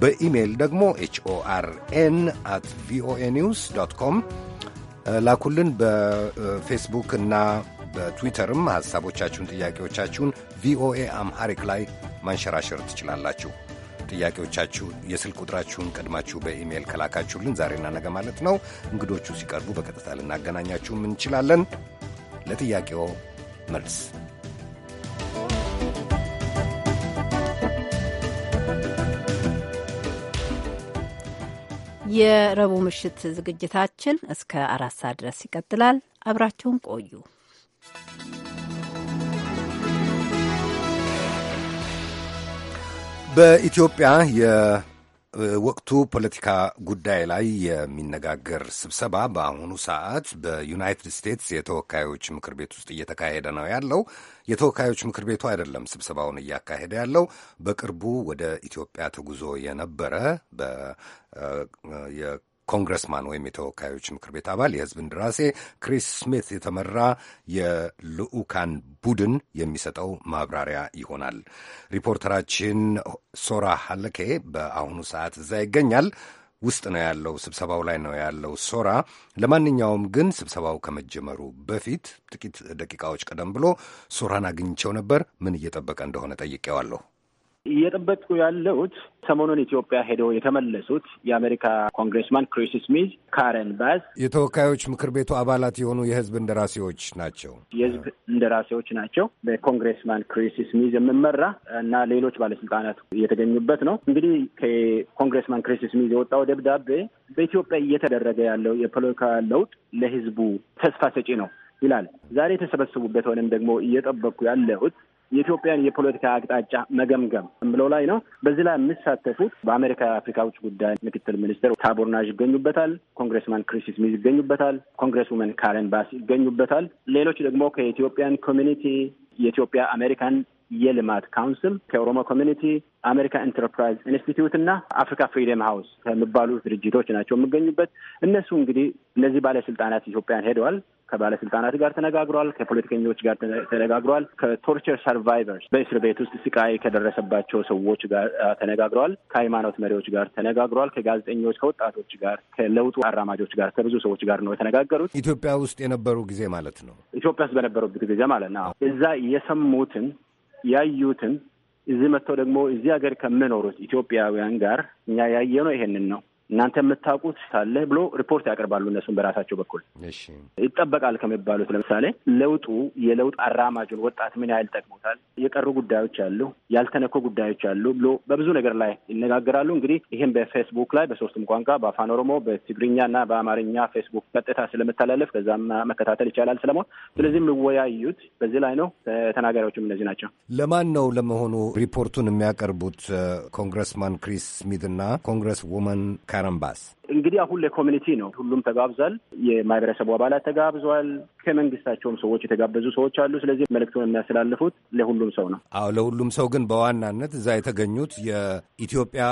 በኢሜይል ደግሞ ኤን አት ቪኦኤ ኒውስ ዶት ኮም ላኩልን። በፌስቡክ እና በትዊተርም ሐሳቦቻችሁን፣ ጥያቄዎቻችሁን ቪኦኤ አምሐሪክ ላይ ማንሸራሸር ትችላላችሁ። ጥያቄዎቻችሁ የስልክ ቁጥራችሁን ቀድማችሁ በኢሜይል ከላካችሁልን ዛሬና ነገ ማለት ነው እንግዶቹ ሲቀርቡ በቀጥታ ልናገናኛችሁም እንችላለን። ለጥያቄው መልስ የረቡዕ ምሽት ዝግጅታችን እስከ አራት ሰዓት ድረስ ይቀጥላል። አብራችሁን ቆዩ። በኢትዮጵያ ወቅቱ ፖለቲካ ጉዳይ ላይ የሚነጋገር ስብሰባ በአሁኑ ሰዓት በዩናይትድ ስቴትስ የተወካዮች ምክር ቤት ውስጥ እየተካሄደ ነው ያለው። የተወካዮች ምክር ቤቱ አይደለም ስብሰባውን እያካሄደ ያለው። በቅርቡ ወደ ኢትዮጵያ ተጉዞ የነበረ ኮንግረስማን ወይም የተወካዮች ምክር ቤት አባል የህዝብ እንደራሴ ክሪስ ስሚት የተመራ የልዑካን ቡድን የሚሰጠው ማብራሪያ ይሆናል። ሪፖርተራችን ሶራ ሀለኬ በአሁኑ ሰዓት እዛ ይገኛል። ውስጥ ነው ያለው፣ ስብሰባው ላይ ነው ያለው ሶራ። ለማንኛውም ግን ስብሰባው ከመጀመሩ በፊት ጥቂት ደቂቃዎች ቀደም ብሎ ሶራን አግኝቸው ነበር። ምን እየጠበቀ እንደሆነ ጠይቄዋለሁ። እየጠበቁ ያለሁት ሰሞኑን ኢትዮጵያ ሄደው የተመለሱት የአሜሪካ ኮንግሬስማን ክሪስ ስሚዝ፣ ካረን ባስ የተወካዮች ምክር ቤቱ አባላት የሆኑ የህዝብ እንደራሴዎች ናቸው። የህዝብ እንደራሴዎች ናቸው። በኮንግሬስማን ክሪስ ስሚዝ የምመራ እና ሌሎች ባለስልጣናት እየተገኙበት ነው። እንግዲህ ከኮንግሬስማን ክሪስ ስሚዝ የወጣው ደብዳቤ በኢትዮጵያ እየተደረገ ያለው የፖለቲካ ለውጥ ለህዝቡ ተስፋ ሰጪ ነው ይላል። ዛሬ የተሰበሰቡበት ወይም ደግሞ እየጠበቅኩ ያለሁት የኢትዮጵያን የፖለቲካ አቅጣጫ መገምገም ብለው ላይ ነው። በዚህ ላይ የሚሳተፉት በአሜሪካ የአፍሪካ ውጭ ጉዳይ ምክትል ሚኒስትር ታቦር ናሽ ይገኙበታል። ኮንግሬስማን ክሪስ ስሚዝ ይገኙበታል። ኮንግሬስ ውመን ካረን ባስ ይገኙበታል። ሌሎች ደግሞ ከኢትዮጵያን ኮሚኒቲ የኢትዮጵያ አሜሪካን የልማት ካውንስል ከኦሮሞ ኮሚኒቲ አሜሪካ ኢንተርፕራይዝ ኢንስቲትዩት እና አፍሪካ ፍሪደም ሀውስ ከሚባሉ ድርጅቶች ናቸው የሚገኙበት። እነሱ እንግዲህ እነዚህ ባለስልጣናት ኢትዮጵያን ሄደዋል። ከባለስልጣናት ጋር ተነጋግሯል፣ ከፖለቲከኞች ጋር ተነጋግሯል፣ ከቶርቸር ሰርቫይቨርስ በእስር ቤት ውስጥ ስቃይ ከደረሰባቸው ሰዎች ጋር ተነጋግሯል፣ ከሃይማኖት መሪዎች ጋር ተነጋግሯል፣ ከጋዜጠኞች፣ ከወጣቶች ጋር፣ ከለውጡ አራማጆች ጋር፣ ከብዙ ሰዎች ጋር ነው የተነጋገሩት። ኢትዮጵያ ውስጥ የነበሩ ጊዜ ማለት ነው። ኢትዮጵያ ውስጥ በነበሩበት ጊዜ ማለት ነው። እዛ የሰሙትን ያዩትን እዚህ መጥተው ደግሞ እዚህ ሀገር ከምኖሩት ኢትዮጵያውያን ጋር እኛ ያየነው ይሄንን ነው እናንተ የምታውቁት ሳለ ብሎ ሪፖርት ያቀርባሉ። እነሱም በራሳቸው በኩል ይጠበቃል ከሚባሉት ለምሳሌ ለውጡ የለውጥ አራማጁን ወጣት ምን ያህል ጠቅሞታል፣ የቀሩ ጉዳዮች አሉ፣ ያልተነኮ ጉዳዮች አሉ ብሎ በብዙ ነገር ላይ ይነጋገራሉ። እንግዲህ ይህም በፌስቡክ ላይ በሶስቱም ቋንቋ በአፋን ኦሮሞ፣ በትግርኛ እና በአማርኛ ፌስቡክ ቀጥታ ስለምተላለፍ ከዛም መከታተል ይቻላል ስለመሆን ስለዚህ የሚወያዩት በዚህ ላይ ነው። ተናጋሪዎችም እነዚህ ናቸው። ለማን ነው ለመሆኑ ሪፖርቱን የሚያቀርቡት? ኮንግረስማን ክሪስ ስሚት እና ኮንግረስ ውመን ካረምባስ እንግዲህ አሁን ለኮሚኒቲ ነው። ሁሉም ተጋብዟል። የማህበረሰቡ አባላት ተጋብዟል። ከመንግስታቸውም ሰዎች የተጋበዙ ሰዎች አሉ። ስለዚህ መልእክቱን የሚያስተላልፉት ለሁሉም ሰው ነው። አዎ ለሁሉም ሰው ግን በዋናነት እዛ የተገኙት የኢትዮጵያ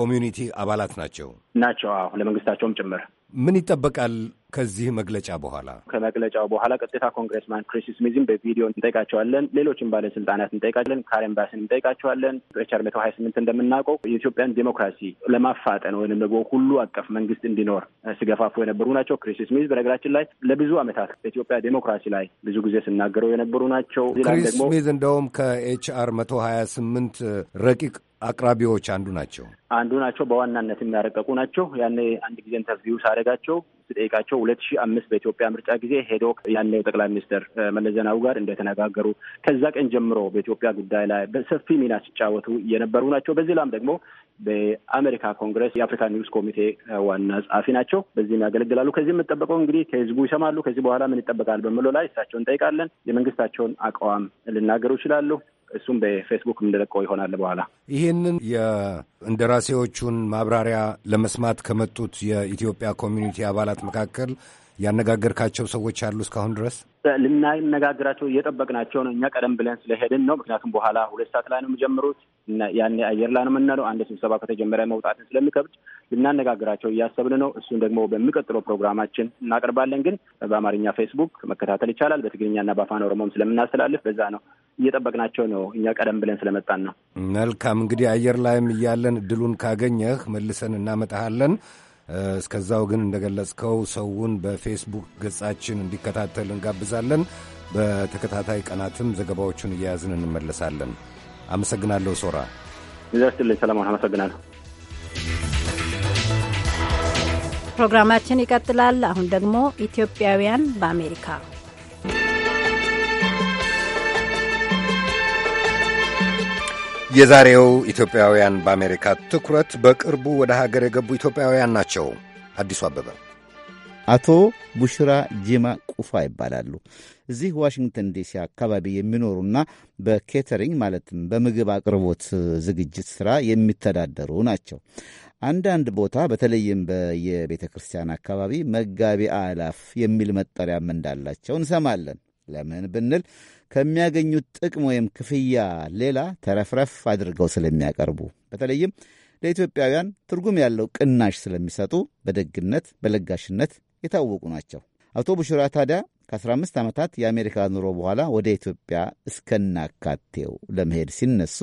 ኮሚኒቲ አባላት ናቸው ናቸው። አዎ ለመንግስታቸውም ጭምር ምን ይጠበቃል? ከዚህ መግለጫ በኋላ ከመግለጫው በኋላ ቀጥታ ኮንግረስማን ክሪስ ስሚዝን በቪዲዮ እንጠይቃቸዋለን። ሌሎችም ባለስልጣናት እንጠይቃለን። ካሬን ባስን እንጠይቃቸዋለን። ኤችአር መቶ ሀያ ስምንት እንደምናውቀው የኢትዮጵያን ዴሞክራሲ ለማፋጠን ወይም ደግሞ ሁሉ አቀፍ መንግስት እንዲኖር ሲገፋፉ የነበሩ ናቸው። ክሪስ ስሚዝ በነገራችን ላይ ለብዙ ዓመታት በኢትዮጵያ ዴሞክራሲ ላይ ብዙ ጊዜ ስናገረው የነበሩ ናቸው። ክሪስ ስሚዝ እንደውም ከኤችአር መቶ ሀያ ስምንት ረቂቅ አቅራቢዎች አንዱ ናቸው አንዱ ናቸው። በዋናነት የሚያረቀቁ ናቸው። ያኔ አንድ ጊዜ ኢንተርቪው ሳደርጋቸው ስጠይቃቸው ሁለት ሺህ አምስት በኢትዮጵያ ምርጫ ጊዜ ሄዶ ያኔው ጠቅላይ ሚኒስትር መለስ ዜናዊ ጋር እንደተነጋገሩ ከዛ ቀን ጀምሮ በኢትዮጵያ ጉዳይ ላይ በሰፊ ሚና ሲጫወቱ እየነበሩ ናቸው። በዚህ ላም ደግሞ በአሜሪካ ኮንግረስ የአፍሪካ ኒውስ ኮሚቴ ዋና ጸሐፊ ናቸው። በዚህም ያገለግላሉ። ከዚህ የምንጠበቀው እንግዲህ ከህዝቡ ይሰማሉ። ከዚህ በኋላ ምን ይጠበቃል በምሎ ላይ እሳቸውን እንጠይቃለን። የመንግስታቸውን አቋም ልናገሩ ይችላሉ። እሱም በፌስቡክ የምንለቀው ይሆናል በኋላ ይህንን እንደራሴዎቹን ማብራሪያ ለመስማት ከመጡት የኢትዮጵያ ኮሚኒቲ አባላት መካከል ያነጋገርካቸው ሰዎች አሉ እስካሁን ድረስ? ልናነጋግራቸው እየጠበቅናቸው ነው። እኛ ቀደም ብለን ስለሄድን ነው። ምክንያቱም በኋላ ሁለት ሰዓት ላይ ነው የሚጀምሩት ያን አየር ላይ ነው የምንለው። አንድ ስብሰባ ከተጀመረ መውጣትን ስለሚከብድ ልናነጋግራቸው እያሰብን ነው። እሱን ደግሞ በሚቀጥለው ፕሮግራማችን እናቀርባለን። ግን በአማርኛ ፌስቡክ መከታተል ይቻላል። በትግርኛና በአፋን ኦሮሞም ስለምናስተላልፍ በዛ ነው እየጠበቅናቸው ነው። እኛ ቀደም ብለን ስለመጣን ነው። መልካም እንግዲህ አየር ላይም እያለ መልሰን እድሉን ካገኘህ መልሰን እናመጣሃለን። እስከዛው ግን እንደገለጽከው ሰውን በፌስቡክ ገጻችን እንዲከታተል እንጋብዛለን። በተከታታይ ቀናትም ዘገባዎቹን እየያዝን እንመለሳለን። አመሰግናለሁ ሶራ ዛስትልኝ ሰለሞን አመሰግናለሁ። ፕሮግራማችን ይቀጥላል። አሁን ደግሞ ኢትዮጵያውያን በአሜሪካ የዛሬው ኢትዮጵያውያን በአሜሪካ ትኩረት በቅርቡ ወደ ሀገር የገቡ ኢትዮጵያውያን ናቸው። አዲሱ አበበ አቶ ቡሽራ ጂማ ቁፋ ይባላሉ። እዚህ ዋሽንግተን ዲሲ አካባቢ የሚኖሩና በኬተሪንግ ማለትም በምግብ አቅርቦት ዝግጅት ሥራ የሚተዳደሩ ናቸው። አንዳንድ ቦታ በተለይም በየቤተ ክርስቲያን አካባቢ መጋቢ አላፍ የሚል መጠሪያም እንዳላቸው እንሰማለን። ለምን ብንል ከሚያገኙት ጥቅም ወይም ክፍያ ሌላ ተረፍረፍ አድርገው ስለሚያቀርቡ በተለይም ለኢትዮጵያውያን ትርጉም ያለው ቅናሽ ስለሚሰጡ በደግነት በለጋሽነት የታወቁ ናቸው። አቶ ቡሽራ ታዲያ ከ15 ዓመታት የአሜሪካ ኑሮ በኋላ ወደ ኢትዮጵያ እስከናካቴው ለመሄድ ሲነሱ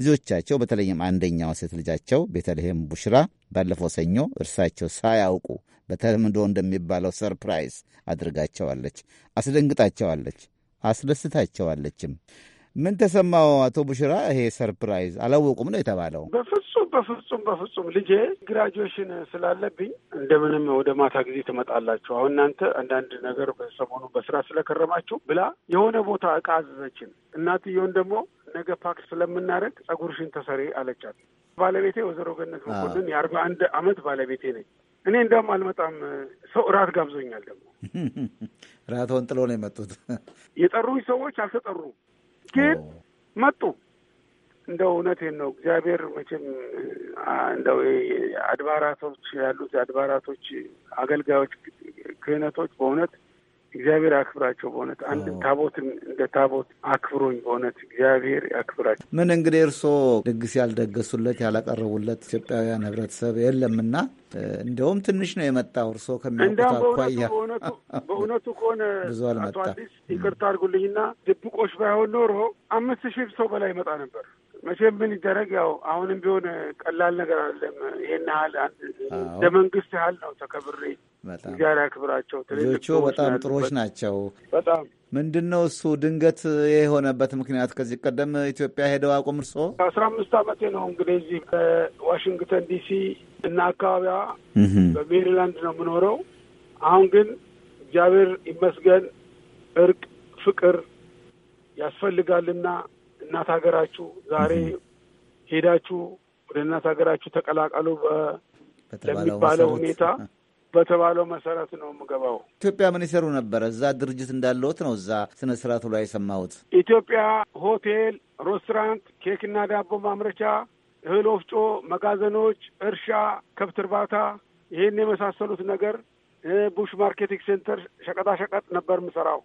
ልጆቻቸው በተለይም አንደኛዋ ሴት ልጃቸው ቤተልሔም ቡሽራ ባለፈው ሰኞ እርሳቸው ሳያውቁ በተለምዶ እንደሚባለው ሰርፕራይዝ አድርጋቸዋለች፣ አስደንግጣቸዋለች። አስደስታቸዋለችም። ምን ተሰማው አቶ ቡሽራ? ይሄ ሰርፕራይዝ አላወቁም ነው የተባለው? በፍጹም በፍጹም በፍጹም ልጄ ግራጁዌሽን ስላለብኝ እንደምንም ወደ ማታ ጊዜ ትመጣላችሁ፣ አሁን እናንተ አንዳንድ ነገር በሰሞኑ በስራ ስለከረማችሁ ብላ የሆነ ቦታ እቃ አዘዘችን። እናትየውን ደግሞ ነገ ፓክ ስለምናደርግ ጸጉርሽን ተሰሪ አለቻት። ባለቤቴ ወይዘሮ ገነት መኮንን የአርባ አንድ አመት ባለቤቴ ነኝ። እኔ እንደውም አልመጣም። ሰው እራት ጋብዞኛል። ደግሞ እራትዎን ጥሎ ነው የመጡት። የጠሩኝ ሰዎች አልተጠሩም፣ ግን መጡ። እንደው እውነቴን ነው። እግዚአብሔር መቼም እንደው አድባራቶች ያሉት አድባራቶች አገልጋዮች፣ ክህነቶች በእውነት እግዚአብሔር አክብራቸው። በእውነት አንድ ታቦትን እንደ ታቦት አክብሮኝ በእውነት እግዚአብሔር ያክብራቸው። ምን እንግዲህ እርስዎ ድግስ ያልደገሱለት ያላቀረቡለት ኢትዮጵያውያን ህብረተሰብ የለምና እንደውም ትንሽ ነው የመጣው። እርስዎ ከሚያውቁት አኳያ በእውነቱ ከሆነ ብዙ አልመጣም። ይቅርታ አድርጉልኝና ድብቆች ባይሆን ኖሮ አምስት ሺህ ሰው በላይ ይመጣ ነበር። መቼም ምን ይደረግ ያው አሁንም ቢሆን ቀላል ነገር አለም። ይሄን ያህል እንደ መንግስት ያህል ነው ተከብሬ እግዚአብሔር ያክብራቸው። ልጆቹ በጣም ጥሩዎች ናቸው። በጣም ምንድን ነው እሱ ድንገት የሆነበት ምክንያት? ከዚህ ቀደም ኢትዮጵያ ሄደው አቁም እርስዎ አስራ አምስት አመቴ ነው እንግዲህ እዚህ በዋሽንግተን ዲሲ እና አካባቢዋ በሜሪላንድ ነው የምኖረው። አሁን ግን እግዚአብሔር ይመስገን እርቅ፣ ፍቅር ያስፈልጋልና እናት ሀገራችሁ ዛሬ ሄዳችሁ ወደ እናት ሀገራችሁ ተቀላቀሉ ለሚባለው ሁኔታ በተባለው መሰረት ነው የምገባው። ኢትዮጵያ ምን ይሰሩ ነበረ? እዛ ድርጅት እንዳለሁት ነው እዛ ስነ ስርዓቱ ላይ የሰማሁት። ኢትዮጵያ ሆቴል፣ ሬስቶራንት፣ ኬክና ዳቦ ማምረቻ፣ እህል ወፍጮ፣ መጋዘኖች፣ እርሻ፣ ከብት እርባታ ይህን የመሳሰሉት ነገር ቡሽ ማርኬቲንግ ሴንተር ሸቀጣሸቀጥ ነበር የምሰራው።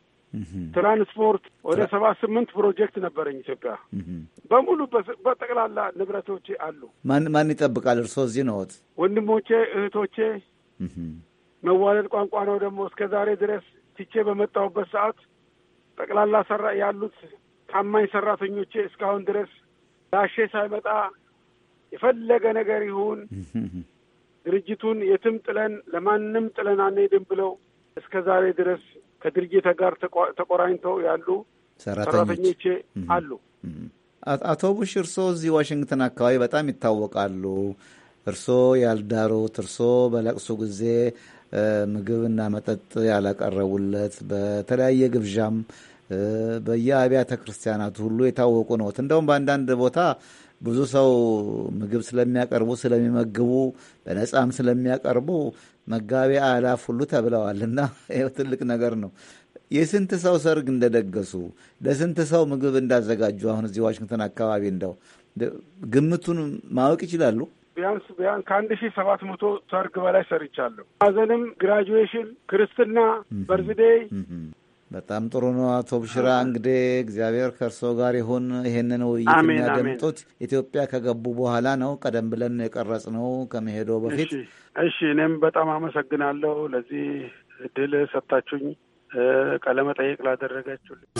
ትራንስፖርት ወደ ሰባ ስምንት ፕሮጀክት ነበረኝ ኢትዮጵያ በሙሉ በጠቅላላ ንብረቶቼ አሉ። ማን ማን ይጠብቃል? እርስዎ እዚህ ነዎት። ወንድሞቼ እህቶቼ፣ መዋለድ ቋንቋ ነው ደግሞ እስከ ዛሬ ድረስ ትቼ በመጣሁበት ሰዓት ጠቅላላ ሰራ ያሉት ታማኝ ሰራተኞቼ እስካሁን ድረስ ላሼ ሳይመጣ የፈለገ ነገር ይሁን ድርጅቱን የትም ጥለን ለማንም ጥለን አንሄድም ብለው እስከ ዛሬ ድረስ ከድርጅት ጋር ተቆራኝተው ያሉ ሰራተኞች አሉ። አቶ ቡሽ እርሶ እዚህ ዋሽንግተን አካባቢ በጣም ይታወቃሉ። እርሶ ያልዳሩት እርሶ በለቅሶ ጊዜ ምግብና መጠጥ ያላቀረቡለት በተለያየ ግብዣም በየአብያተ ክርስቲያናት ሁሉ የታወቁ ነዎት። እንደውም በአንዳንድ ቦታ ብዙ ሰው ምግብ ስለሚያቀርቡ ስለሚመግቡ፣ በነጻም ስለሚያቀርቡ መጋቢ አላፍ ሁሉ ተብለዋልና ይኸው ትልቅ ነገር ነው። የስንት ሰው ሰርግ እንደደገሱ ለስንት ሰው ምግብ እንዳዘጋጁ አሁን እዚህ ዋሽንግተን አካባቢ እንደው ግምቱን ማወቅ ይችላሉ። ቢያንስ ቢያንስ ከአንድ ሺህ ሰባት መቶ ሰርግ በላይ ሰርቻለሁ። ሐዘንም፣ ግራጁዌሽን፣ ክርስትና፣ በርዝዴይ በጣም ጥሩ ነው። አቶ ብሽራ እንግዲህ እግዚአብሔር ከእርሶ ጋር ይሁን። ይህንን ውይይት የሚያደምጡት ኢትዮጵያ ከገቡ በኋላ ነው። ቀደም ብለን የቀረጽ ነው ከመሄዶ በፊት። እሺ፣ እኔም በጣም አመሰግናለሁ ለዚህ እድል ሰጥታችሁኝ ቃለ መጠይቅ ላደረጋችሁልኝ።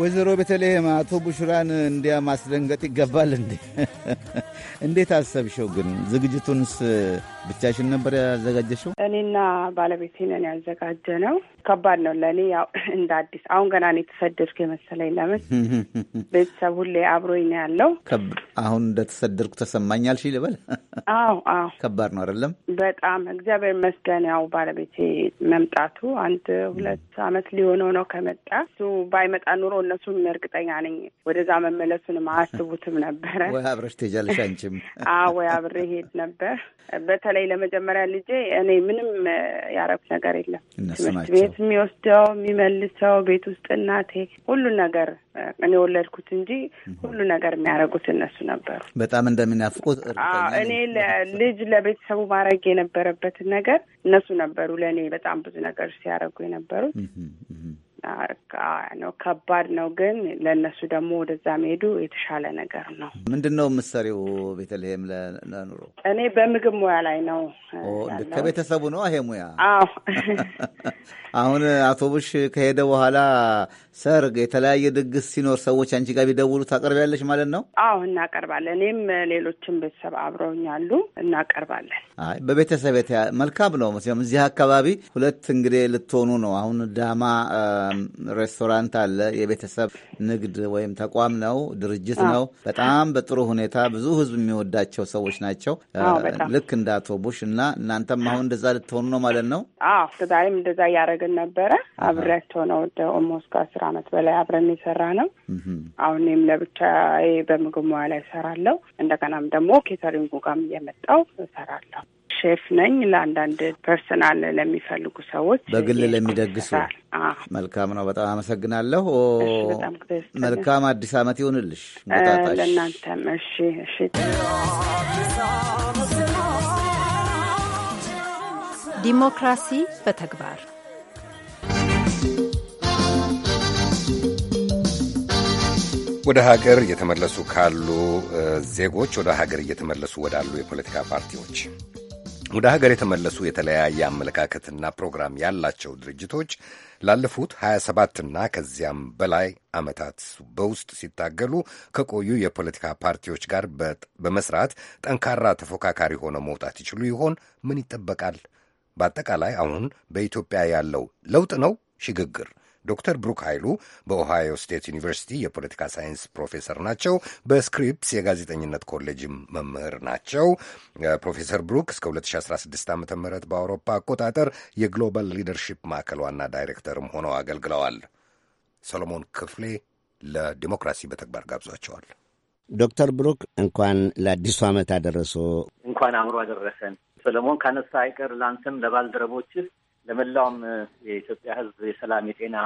ወይዘሮ ቤተልሔም አቶ ቡሹራን እንዲያ ማስደንገጥ ይገባል እንዴ? እንዴት አሰብሽው ግን? ዝግጅቱንስ ብቻሽን ነበር ያዘጋጀሽው? እኔና ባለቤቴ ነን ያዘጋጀ ነው። ከባድ ነው ለእኔ ያው እንደ አዲስ አሁን ገና ኔ ተሰደርኩ የመሰለኝ። ለምን ቤተሰብ ሁሌ አብሮኝ ነው ያለው። አሁን እንደተሰደድኩ ተሰማኝ አልሽ ልበል? አዎ አዎ፣ ከባድ ነው አይደለም? በጣም እግዚአብሔር ይመስገን። ያው ባለቤቴ መምጣቱ አንድ ሁለት አመት ሊሆነው ነው ከመጣ። እሱ ባይመጣ ኑሮ እነሱም እርግጠኛ ነኝ ወደዛ መመለሱንም አያስቡትም ነበረ። ወይ አብረሽ ትሄጃለሽ አንቺም? አዎ ወይ አብሬ ሄድ ነበር። በተለይ ለመጀመሪያ ልጄ እኔ ምንም ያረኩት ነገር የለም። ትምህርት ቤት የሚወስደው የሚመልሰው፣ ቤት ውስጥ እናቴ፣ ሁሉን ነገር እኔ ወለድኩት እንጂ ሁሉ ነገር የሚያደርጉት እነሱ ነበሩ። በጣም እንደምናፍቁት እኔ ልጅ ለቤተሰቡ ማድረግ የነበረበትን ነገር እነሱ ነበሩ ለእኔ በጣም ብዙ ነገር ሲያደርጉ የነበሩት ነው፣ ከባድ ነው። ግን ለእነሱ ደግሞ ወደዛ መሄዱ የተሻለ ነገር ነው። ምንድን ነው የምትሰሪው ቤተልሔም ለኑሮ? እኔ በምግብ ሙያ ላይ ነው። ከቤተሰቡ ነው ይሄ ሙያ። አዎ። አሁን አቶ ቡሽ ከሄደ በኋላ ሰርግ፣ የተለያየ ድግስ ሲኖር ሰዎች አንቺ ጋር ቢደውሉ ታቀርቢያለሽ ማለት ነው? አዎ እናቀርባለን። እኔም ሌሎችም ቤተሰብ አብረውኝ ያሉ እናቀርባለን። አይ በቤተሰብ መልካም ነው። መስም እዚህ አካባቢ ሁለት እንግዲህ ልትሆኑ ነው። አሁን ዳማ ሬስቶራንት አለ፣ የቤተሰብ ንግድ ወይም ተቋም ነው፣ ድርጅት ነው። በጣም በጥሩ ሁኔታ ብዙ ህዝብ የሚወዳቸው ሰዎች ናቸው። ልክ እንደ አቶ ቡሽ እና እናንተም አሁን እንደዛ ልትሆኑ ነው ማለት ነው? አዎ ዛሬም እንደዛ እያደረግን ነበረ አብሬያቸው ነው ወደ ኦሞስ ከአስር አመት በላይ አብረን የሰራ ነው። አሁን እኔም ለብቻዬ በምግብ ሙያ ላይ እሰራለሁ። እንደገናም ደግሞ ኬተሪንጉ ጋም እየመጣው እሰራለሁ። ሼፍ ነኝ። ለአንዳንድ ፐርሰናል ለሚፈልጉ ሰዎች በግል ለሚደግሱ መልካም ነው። በጣም አመሰግናለሁ። መልካም አዲስ አመት ይሁንልሽ። ለእናንተም። እሺ፣ እሺ። ዲሞክራሲ በተግባር ወደ ሀገር እየተመለሱ ካሉ ዜጎች ወደ ሀገር እየተመለሱ ወዳሉ የፖለቲካ ፓርቲዎች ወደ ሀገር የተመለሱ የተለያየ አመለካከትና ፕሮግራም ያላቸው ድርጅቶች ላለፉት 27ና ከዚያም በላይ ዓመታት በውስጥ ሲታገሉ ከቆዩ የፖለቲካ ፓርቲዎች ጋር በመስራት ጠንካራ ተፎካካሪ ሆነው መውጣት ይችሉ ይሆን? ምን ይጠበቃል? በአጠቃላይ አሁን በኢትዮጵያ ያለው ለውጥ ነው ሽግግር ዶክተር ብሩክ ኃይሉ በኦሃዮ ስቴት ዩኒቨርሲቲ የፖለቲካ ሳይንስ ፕሮፌሰር ናቸው። በስክሪፕስ የጋዜጠኝነት ኮሌጅ መምህር ናቸው። ፕሮፌሰር ብሩክ እስከ 2016 ዓ ም በአውሮፓ አቆጣጠር የግሎባል ሊደርሺፕ ማዕከል ዋና ዳይሬክተርም ሆነው አገልግለዋል። ሰሎሞን ክፍሌ ለዲሞክራሲ በተግባር ጋብዟቸዋል። ዶክተር ብሩክ እንኳን ለአዲሱ ዓመት አደረሶ። እንኳን አብሮ አደረሰን። ሰለሞን ከነሳ አይቀር ለአንተም ለባልደረቦችህ ለመላውም የኢትዮጵያ ሕዝብ የሰላም፣ የጤና፣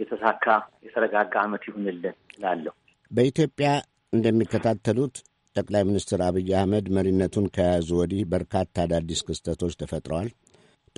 የተሳካ የተረጋጋ ዓመት ይሁንልን እላለሁ። በኢትዮጵያ እንደሚከታተሉት ጠቅላይ ሚኒስትር አብይ አህመድ መሪነቱን ከያዙ ወዲህ በርካታ አዳዲስ ክስተቶች ተፈጥረዋል።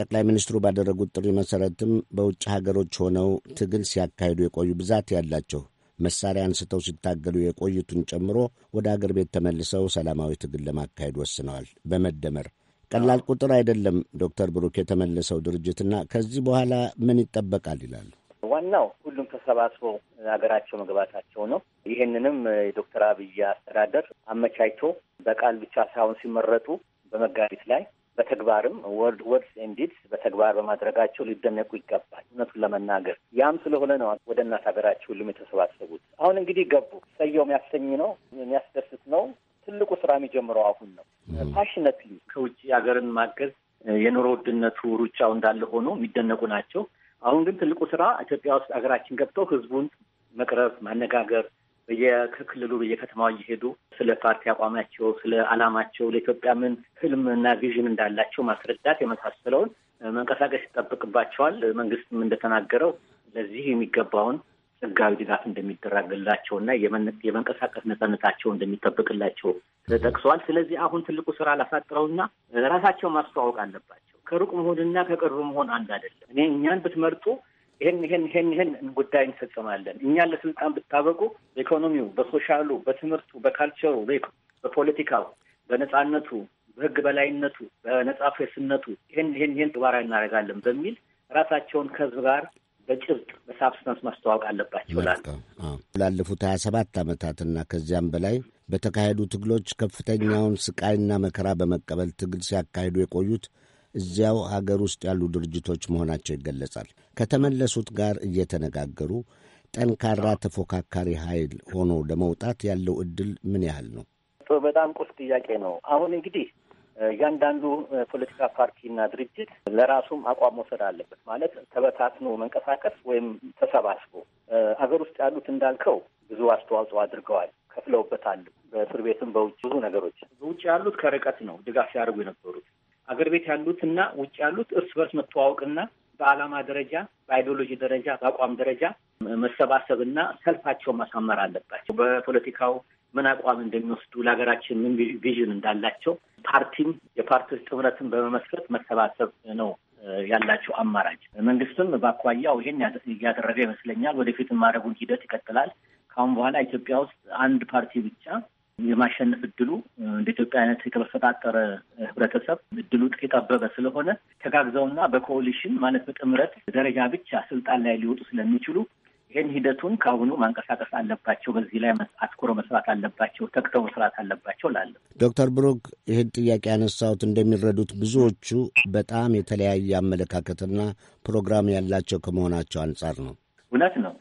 ጠቅላይ ሚኒስትሩ ባደረጉት ጥሪ መሰረትም በውጭ ሀገሮች ሆነው ትግል ሲያካሂዱ የቆዩ ብዛት ያላቸው መሳሪያ አንስተው ሲታገሉ የቆዩትን ጨምሮ ወደ አገር ቤት ተመልሰው ሰላማዊ ትግል ለማካሄድ ወስነዋል። በመደመር ቀላል ቁጥር አይደለም። ዶክተር ብሩክ የተመለሰው ድርጅትና ከዚህ በኋላ ምን ይጠበቃል ይላሉ? ዋናው ሁሉም ተሰባስበው ሀገራቸው መግባታቸው ነው። ይህንንም የዶክተር አብይ አስተዳደር አመቻችቶ በቃል ብቻ ሳይሆን ሲመረጡ በመጋቢት ላይ በተግባርም ወርድ ወርድ እንዲድ በተግባር በማድረጋቸው ሊደነቁ ይገባል። እውነቱን ለመናገር ያም ስለሆነ ነው ወደ እናት ሀገራቸው ሁሉም የተሰባሰቡት። አሁን እንግዲህ ገቡ። ሰየው የሚያሰኝ ነው፣ የሚያስደስት ነው። ትልቁ ስራ የሚጀምረው አሁን ነው። ፓሽነት ከውጭ ሀገርን ማገዝ የኑሮ ውድነቱ ሩጫው እንዳለ ሆኖ የሚደነቁ ናቸው። አሁን ግን ትልቁ ስራ ኢትዮጵያ ውስጥ ሀገራችን ገብተው ህዝቡን መቅረብ፣ ማነጋገር በየክልሉ በየከተማው እየሄዱ ስለ ፓርቲ አቋማቸው፣ ስለ አላማቸው፣ ለኢትዮጵያ ምን ህልም እና ቪዥን እንዳላቸው ማስረዳት የመሳሰለውን መንቀሳቀስ ይጠበቅባቸዋል። መንግስትም እንደተናገረው ለዚህ የሚገባውን ህጋዊ ድጋፍ እንደሚደረግላቸውና የመንቀሳቀስ ነጻነታቸው እንደሚጠበቅላቸው ተጠቅሰዋል። ስለዚህ አሁን ትልቁ ስራ ላሳጥረውና ራሳቸው ማስተዋወቅ አለባቸው። ከሩቅ መሆንና ከቅርብ መሆን አንድ አይደለም። እኔ እኛን ብትመርጡ ይህን ይህን ይህን ይህን ጉዳይ እንፈጽማለን፣ እኛን ለስልጣን ብታበቁ፣ በኢኮኖሚው፣ በሶሻሉ፣ በትምህርቱ፣ በካልቸሩ፣ በፖለቲካው፣ በነጻነቱ፣ በህግ በላይነቱ፣ በነጻ ፕሬስነቱ ይህን ይህን ይህን ተግባራዊ እናደርጋለን በሚል ራሳቸውን ከህዝብ ጋር በጭብጥ በሳብስታንስ ማስተዋወቅ አለባቸው። ላለፉት ሀያ ሰባት ዓመታትና ከዚያም በላይ በተካሄዱ ትግሎች ከፍተኛውን ስቃይና መከራ በመቀበል ትግል ሲያካሂዱ የቆዩት እዚያው ሀገር ውስጥ ያሉ ድርጅቶች መሆናቸው ይገለጻል። ከተመለሱት ጋር እየተነጋገሩ ጠንካራ ተፎካካሪ ኃይል ሆኖ ለመውጣት ያለው እድል ምን ያህል ነው? በጣም ቁስ ጥያቄ ነው። አሁን እንግዲህ እያንዳንዱ ፖለቲካ ፓርቲና ድርጅት ለራሱም አቋም መውሰድ አለበት። ማለት ተበታትኖ መንቀሳቀስ ወይም ተሰባስቦ አገር ውስጥ ያሉት እንዳልከው ብዙ አስተዋጽኦ አድርገዋል፣ ከፍለውበታል። በእስር ቤትም በውጭ ብዙ ነገሮች በውጭ ያሉት ከርቀት ነው ድጋፍ ሲያደርጉ የነበሩት አገር ቤት ያሉት እና ውጭ ያሉት እርስ በርስ መተዋወቅና በዓላማ ደረጃ በአይዲዮሎጂ ደረጃ በአቋም ደረጃ መሰባሰብ እና ሰልፋቸው ማሳመር አለባቸው። በፖለቲካው ምን አቋም እንደሚወስዱ ለሀገራችን ምን ቪዥን እንዳላቸው ፓርቲም የፓርቲዎች ጥምረትን በመመስረት መሰባሰብ ነው ያላቸው አማራጭ። መንግስትም በአኳያው ይህን እያደረገ ይመስለኛል። ወደፊት ማድረጉን ሂደት ይቀጥላል። ከአሁን በኋላ ኢትዮጵያ ውስጥ አንድ ፓርቲ ብቻ የማሸነፍ እድሉ እንደ ኢትዮጵያ አይነት የተፈጣጠረ ህብረተሰብ እድሉ የጠበበ ስለሆነ ተጋግዘውና በኮሊሽን ማለት በጥምረት ደረጃ ብቻ ስልጣን ላይ ሊወጡ ስለሚችሉ ይህን ሂደቱን ከአሁኑ ማንቀሳቀስ አለባቸው። በዚህ ላይ አትኩሮ መስራት አለባቸው፣ ተግተው መስራት አለባቸው ላለ ዶክተር ብሩክ ይህን ጥያቄ ያነሳሁት እንደሚረዱት ብዙዎቹ በጣም የተለያየ አመለካከትና ፕሮግራም ያላቸው ከመሆናቸው አንጻር ነው። እውነት ነው።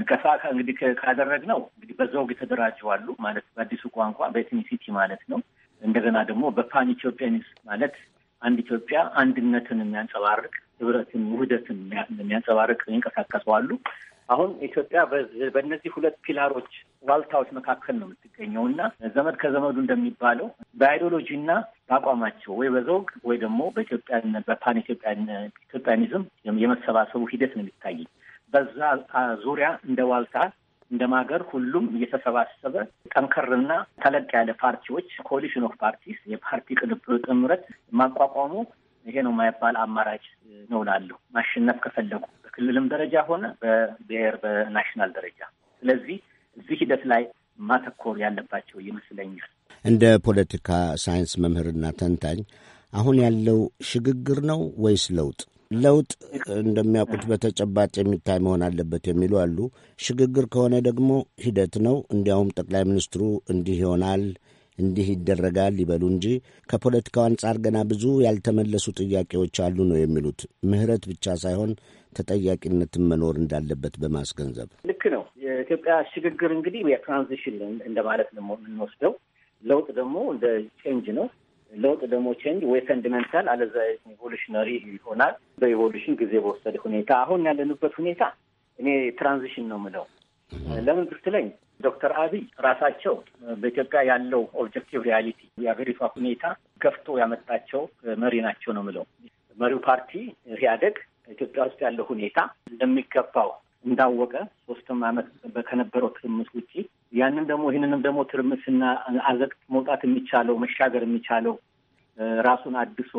ንቀፋ እንግዲህ ካደረግ ነው እንግዲህ በዘውግ የተደራጁ አሉ ማለት በአዲሱ ቋንቋ በኤትኒሲቲ ማለት ነው። እንደገና ደግሞ በፓን ኢትዮጵያኒስ ማለት አንድ ኢትዮጵያ አንድነትን የሚያንጸባርቅ ህብረትን፣ ውህደትን የሚያንጸባርቅ ይንቀሳቀሰዋሉ። አሁን ኢትዮጵያ በእነዚህ ሁለት ፒላሮች ዋልታዎች መካከል ነው የምትገኘው እና ዘመድ ከዘመዱ እንደሚባለው በአይዲዮሎጂ እና በአቋማቸው ወይ በዘውግ ወይ ደግሞ በኢትዮጵያን በፓን ኢትዮጵያኒዝም የመሰባሰቡ ሂደት ነው የሚታይ። በዛ ዙሪያ እንደ ዋልታ እንደ ማገር ሁሉም እየተሰባሰበ ጠንከርና ተለቅ ያለ ፓርቲዎች ኮሊሽን ኦፍ ፓርቲስ የፓርቲ ቅንብ ጥምረት ማቋቋሙ ይሄ ነው የማይባል አማራጭ ነው ላለሁ ማሸነፍ ከፈለጉ በክልልም ደረጃ ሆነ በብሔር በናሽናል ደረጃ። ስለዚህ እዚህ ሂደት ላይ ማተኮር ያለባቸው ይመስለኛል። እንደ ፖለቲካ ሳይንስ መምህርና ተንታኝ አሁን ያለው ሽግግር ነው ወይስ ለውጥ? ለውጥ እንደሚያውቁት በተጨባጭ የሚታይ መሆን አለበት የሚሉ አሉ። ሽግግር ከሆነ ደግሞ ሂደት ነው። እንዲያውም ጠቅላይ ሚኒስትሩ እንዲህ ይሆናል እንዲህ ይደረጋል ይበሉ እንጂ ከፖለቲካው አንጻር ገና ብዙ ያልተመለሱ ጥያቄዎች አሉ ነው የሚሉት። ምህረት ብቻ ሳይሆን ተጠያቂነትን መኖር እንዳለበት በማስገንዘብ ልክ ነው። የኢትዮጵያ ሽግግር እንግዲህ የትራንዚሽን እንደማለት ነው የምንወስደው። ለውጥ ደግሞ እንደ ቼንጅ ነው። ለውጥ ደግሞ ቼንጅ ወይ ፈንዳሜንታል አለዛ ኢቮሉሽነሪ ይሆናል። በኢቮሉሽን ጊዜ በወሰደ ሁኔታ አሁን ያለንበት ሁኔታ እኔ ትራንዚሽን ነው ምለው ለምን ብትለኝ ዶክተር አብይ ራሳቸው በኢትዮጵያ ያለው ኦብጀክቲቭ ሪያሊቲ የሀገሪቷ ሁኔታ ገፍቶ ያመጣቸው መሪ ናቸው ነው ምለው። መሪው ፓርቲ ሲያደግ ኢትዮጵያ ውስጥ ያለው ሁኔታ እንደሚገባው እንዳወቀ ሶስትም ዓመት ከነበረው ትርምስ ውጪ ያንን ደግሞ ይህንንም ደግሞ ትርምስና አዘቅት መውጣት የሚቻለው መሻገር የሚቻለው ራሱን አድሶ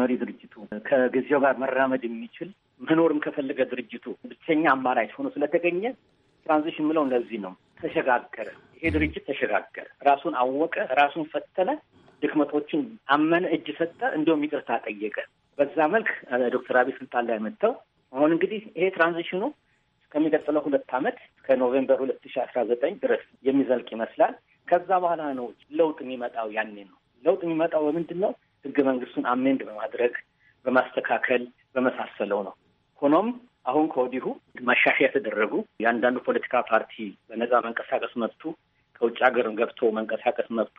መሪ ድርጅቱ ከጊዜው ጋር መራመድ የሚችል መኖርም ከፈለገ ድርጅቱ ብቸኛ አማራጭ ሆኖ ስለተገኘ ትራንዚሽን የምለው እንደዚህ ነው። ተሸጋገረ። ይሄ ድርጅት ተሸጋገረ፣ ራሱን አወቀ፣ ራሱን ፈተነ፣ ድክመቶችን አመነ፣ እጅ ሰጠ፣ እንዲሁም ይቅርታ ጠየቀ። በዛ መልክ ዶክተር አብይ ስልጣን ላይ መጥተው አሁን እንግዲህ ይሄ ትራንዚሽኑ እስከሚቀጥለው ሁለት ዓመት ከኖቬምበር ሁለት ሺህ አስራ ዘጠኝ ድረስ የሚዘልቅ ይመስላል። ከዛ በኋላ ነው ለውጥ የሚመጣው። ያኔ ነው ለውጥ የሚመጣው። በምንድን ነው? ህገ መንግስቱን አሜንድ በማድረግ በማስተካከል በመሳሰለው ነው። ሆኖም አሁን ከወዲሁ ማሻሻያ የተደረጉ የአንዳንዱ ፖለቲካ ፓርቲ በነጻ መንቀሳቀስ መብቱ፣ ከውጭ ሀገርም ገብቶ መንቀሳቀስ መብቱ፣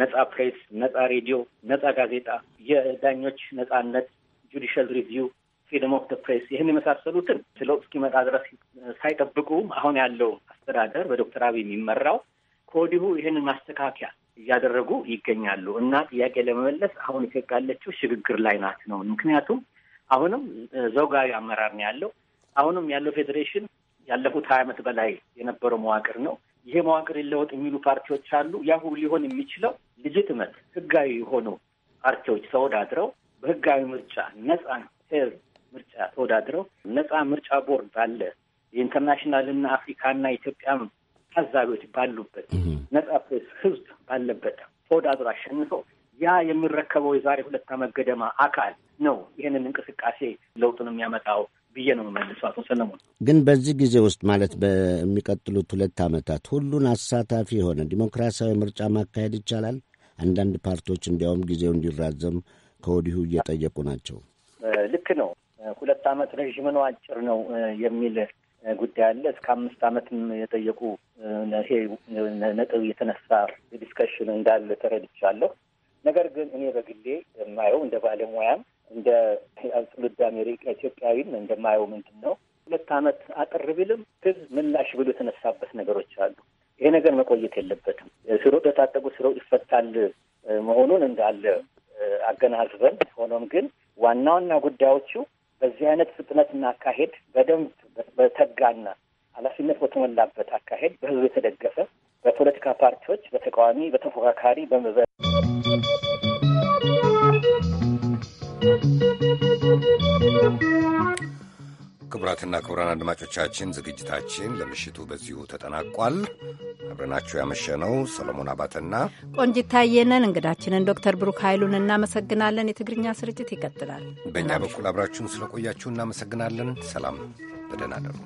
ነጻ ፕሬስ፣ ነጻ ሬዲዮ፣ ነጻ ጋዜጣ፣ የዳኞች ነጻነት፣ ጁዲሻል ሪቪው፣ ፍሪደም ኦፍ ደ ፕሬስ ይህን የመሳሰሉትን ስለ እስኪመጣ ድረስ ሳይጠብቁ አሁን ያለው አስተዳደር በዶክተር አብይ የሚመራው ከወዲሁ ይህንን ማስተካከያ እያደረጉ ይገኛሉ እና ጥያቄ ለመመለስ አሁን ኢትዮጵያ ያለችው ሽግግር ላይ ናት ነው ምክንያቱም አሁንም ዘውጋዊ አመራር ነው ያለው። አሁንም ያለው ፌዴሬሽን ያለፉት ሀያ ዓመት በላይ የነበረው መዋቅር ነው። ይሄ መዋቅር ይለወጥ የሚሉ ፓርቲዎች አሉ። ያሁ ሊሆን የሚችለው ልጅትመት ህጋዊ የሆኑ ፓርቲዎች ተወዳድረው በህጋዊ ምርጫ ነፃ ፌር ምርጫ ተወዳድረው ነፃ ምርጫ ቦርድ ባለ የኢንተርናሽናልና አፍሪካና ኢትዮጵያ ታዛቢዎች ባሉበት ነጻ ፕሬስ ህዝብ ባለበት ተወዳድሮ አሸንፈው ያ የምረከበው የዛሬ ሁለት ዓመት ገደማ አካል ነው ይህንን እንቅስቃሴ ለውጡን የሚያመጣው ብዬ ነው መልሱ። አቶ ሰለሞን ግን በዚህ ጊዜ ውስጥ ማለት በሚቀጥሉት ሁለት ዓመታት ሁሉን አሳታፊ የሆነ ዲሞክራሲያዊ ምርጫ ማካሄድ ይቻላል? አንዳንድ ፓርቲዎች እንዲያውም ጊዜው እንዲራዘም ከወዲሁ እየጠየቁ ናቸው። ልክ ነው። ሁለት ዓመት ረዥም ነው አጭር ነው የሚል ጉዳይ አለ። እስከ አምስት ዓመትም የጠየቁ ይሄ ነጥብ የተነሳ ዲስከሽን እንዳለ ተረድቻለሁ። ነገር ግን እኔ በግሌ የማየው እንደ ባለሙያም እንደ ትውልደ አሜሪካ ኢትዮጵያዊም እንደማየው ምንድን ነው ሁለት አመት አጠር ቢልም ህዝብ ምላሽ ብሎ የተነሳበት ነገሮች አሉ። ይሄ ነገር መቆየት የለበትም። ስሮ ተታጠቁ ስሮ ይፈታል መሆኑን እንዳለ አገናዝበን፣ ሆኖም ግን ዋና ዋና ጉዳዮቹ በዚህ አይነት ፍጥነትና አካሄድ በደንብ በተጋና ኃላፊነት በተሞላበት አካሄድ በህዝብ የተደገፈ በፖለቲካ ፓርቲዎች፣ በተቃዋሚ፣ በተፎካካሪ በመበ ክቡራትና ክቡራን አድማጮቻችን ዝግጅታችን ለምሽቱ በዚሁ ተጠናቋል። አብረናችሁ ያመሸነው ሰሎሞን አባተና ቆንጂት ታየነን፣ እንግዳችንን ዶክተር ብሩክ ኃይሉን እናመሰግናለን። የትግርኛ ስርጭት ይቀጥላል። በእኛ በኩል አብራችሁን ስለቆያችሁ እናመሰግናለን። ሰላም፣ በደህና አደሩ።